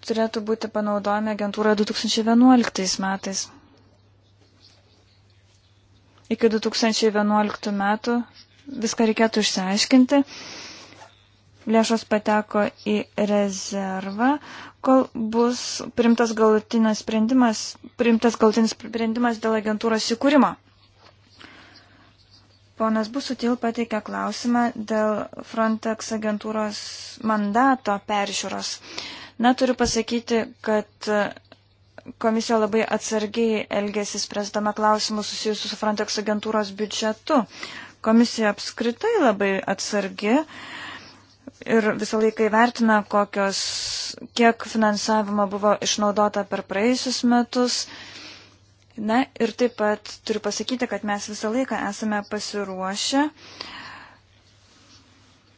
turėtų būti panaudojami agentūroje 2011 metais. Iki 2011 metų viską reikėtų išsiaiškinti lėšos pateko į rezervą, kol bus primtas galutinis sprendimas, primtas galutinis sprendimas dėl agentūros įkūrimo. Ponas Busutil pateikė klausimą dėl Frontex agentūros mandato peržiūros. Na, turiu pasakyti, kad komisija labai atsargiai elgėsi spręsdama klausimus susijusius su Frontex agentūros biudžetu. Komisija apskritai labai atsargi. Uh, ir visą laiką įvertina, kokios, kiek finansavimo buvo išnaudota per praėjusius metus. Na ir taip pat turiu pasakyti, kad mes visą laiką esame pasiruošę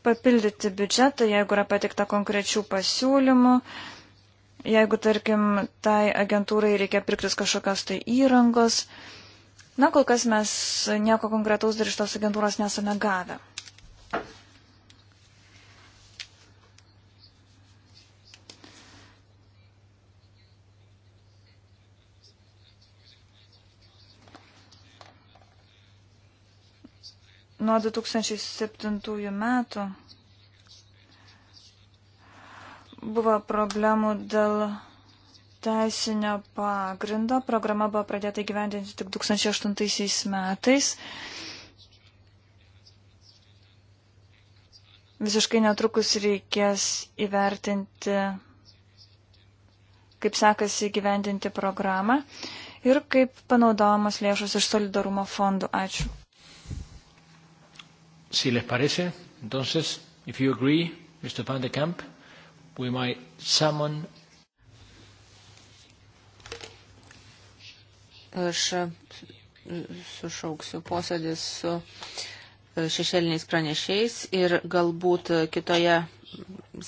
papildyti biudžetą, jeigu yra patikta konkrečių pasiūlymų, jeigu, tarkim, tai agentūrai reikia pirktis kažkokios tai įrangos. Na, kol kas mes nieko konkretaus dar iš tos agentūros nesame gavę. Nuo 2007 metų buvo problemų dėl teisinio pagrindo. Programa buvo pradėta gyvendinti tik 2008 metais. Visiškai netrukus reikės įvertinti, kaip sekasi gyvendinti programą ir kaip panaudojamos lėšos iš solidarumo fondų. Ačiū. Si les parece, entonces, if you agree, Mr. Van de Camp, we might summon. Aš e, sušauksiu posėdį su e, šešėliniais pranešėjais ir galbūt kitoje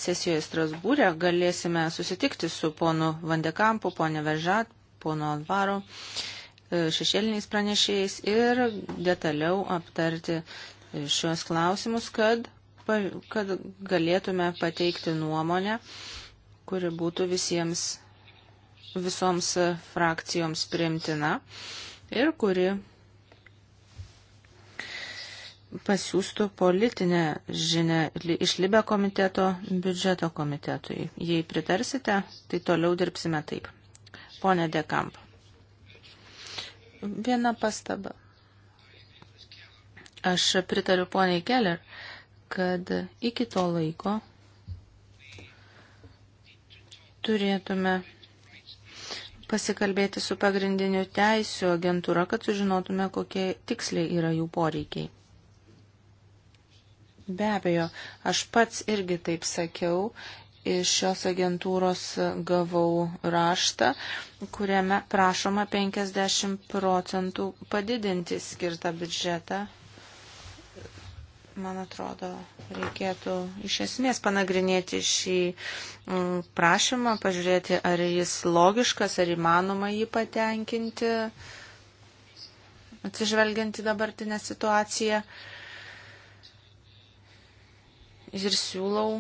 sesijoje Strasbūrė galėsime susitikti su ponu Vandekampu, ponė Vežat, ponu Alvaro e, šešėliniais pranešėjais ir detaliau aptarti šios klausimus, kad, kad galėtume pateikti nuomonę, kuri būtų visiems, visoms frakcijoms primtina ir kuri pasiūstų politinę žinę iš Libė komiteto biudžeto komitetui. Jei pritarsite, tai toliau dirbsime taip. Pone Dekamp. Viena pastaba. Aš pritariu poniai Keller, kad iki to laiko turėtume pasikalbėti su pagrindiniu teisų agentūra, kad sužinotume, kokie tiksliai yra jų poreikiai. Be abejo, aš pats irgi taip sakiau. Iš šios agentūros gavau raštą, kuriame prašoma 50 procentų padidinti skirtą biudžetą man atrodo, reikėtų iš esmės panagrinėti šį mm, prašymą, pažiūrėti, ar jis logiškas, ar įmanoma jį patenkinti, atsižvelgiant į dabartinę situaciją. Ir siūlau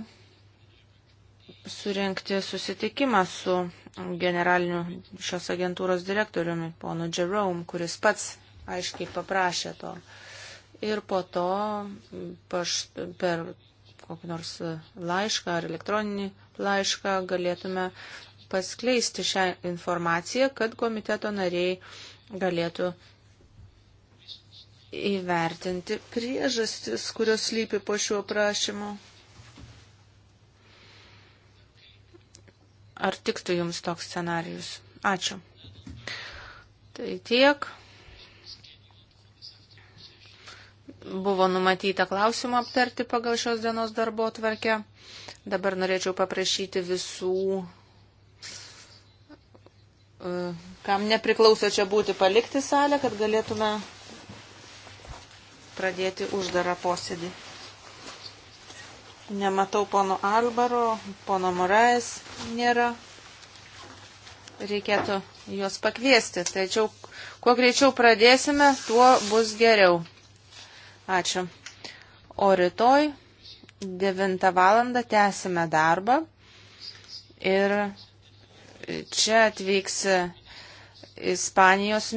surenkti susitikimą su generaliniu šios agentūros direktoriumi, ponu Jerome, kuris pats aiškiai paprašė to. Uh, ir po to pašt, per kokį nors laišką ar elektroninį laišką galėtume paskleisti šią informaciją, kad komiteto nariai galėtų įvertinti priežastis, kurios lypi po šiuo prašymu. Ar tiktų jums toks scenarius? Ačiū. Tai tiek. buvo numatyta klausimą aptarti pagal šios dienos darbo tvarkę. Dabar norėčiau paprašyti visų, e, kam nepriklauso čia būti, palikti salę, kad galėtume pradėti uždarą posėdį. Nematau pono Albaro, pono Morais nėra. Reikėtų juos pakviesti. Tačiau kuo greičiau pradėsime, tuo bus geriau. Ačiū. O rytoj 9 val. tęsime darbą ir čia atvyks Ispanijos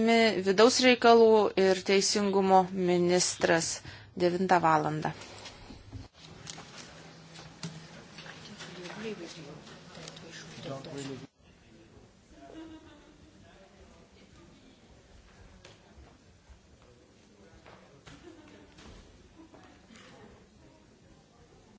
vidaus reikalų ir teisingumo ministras 9 val.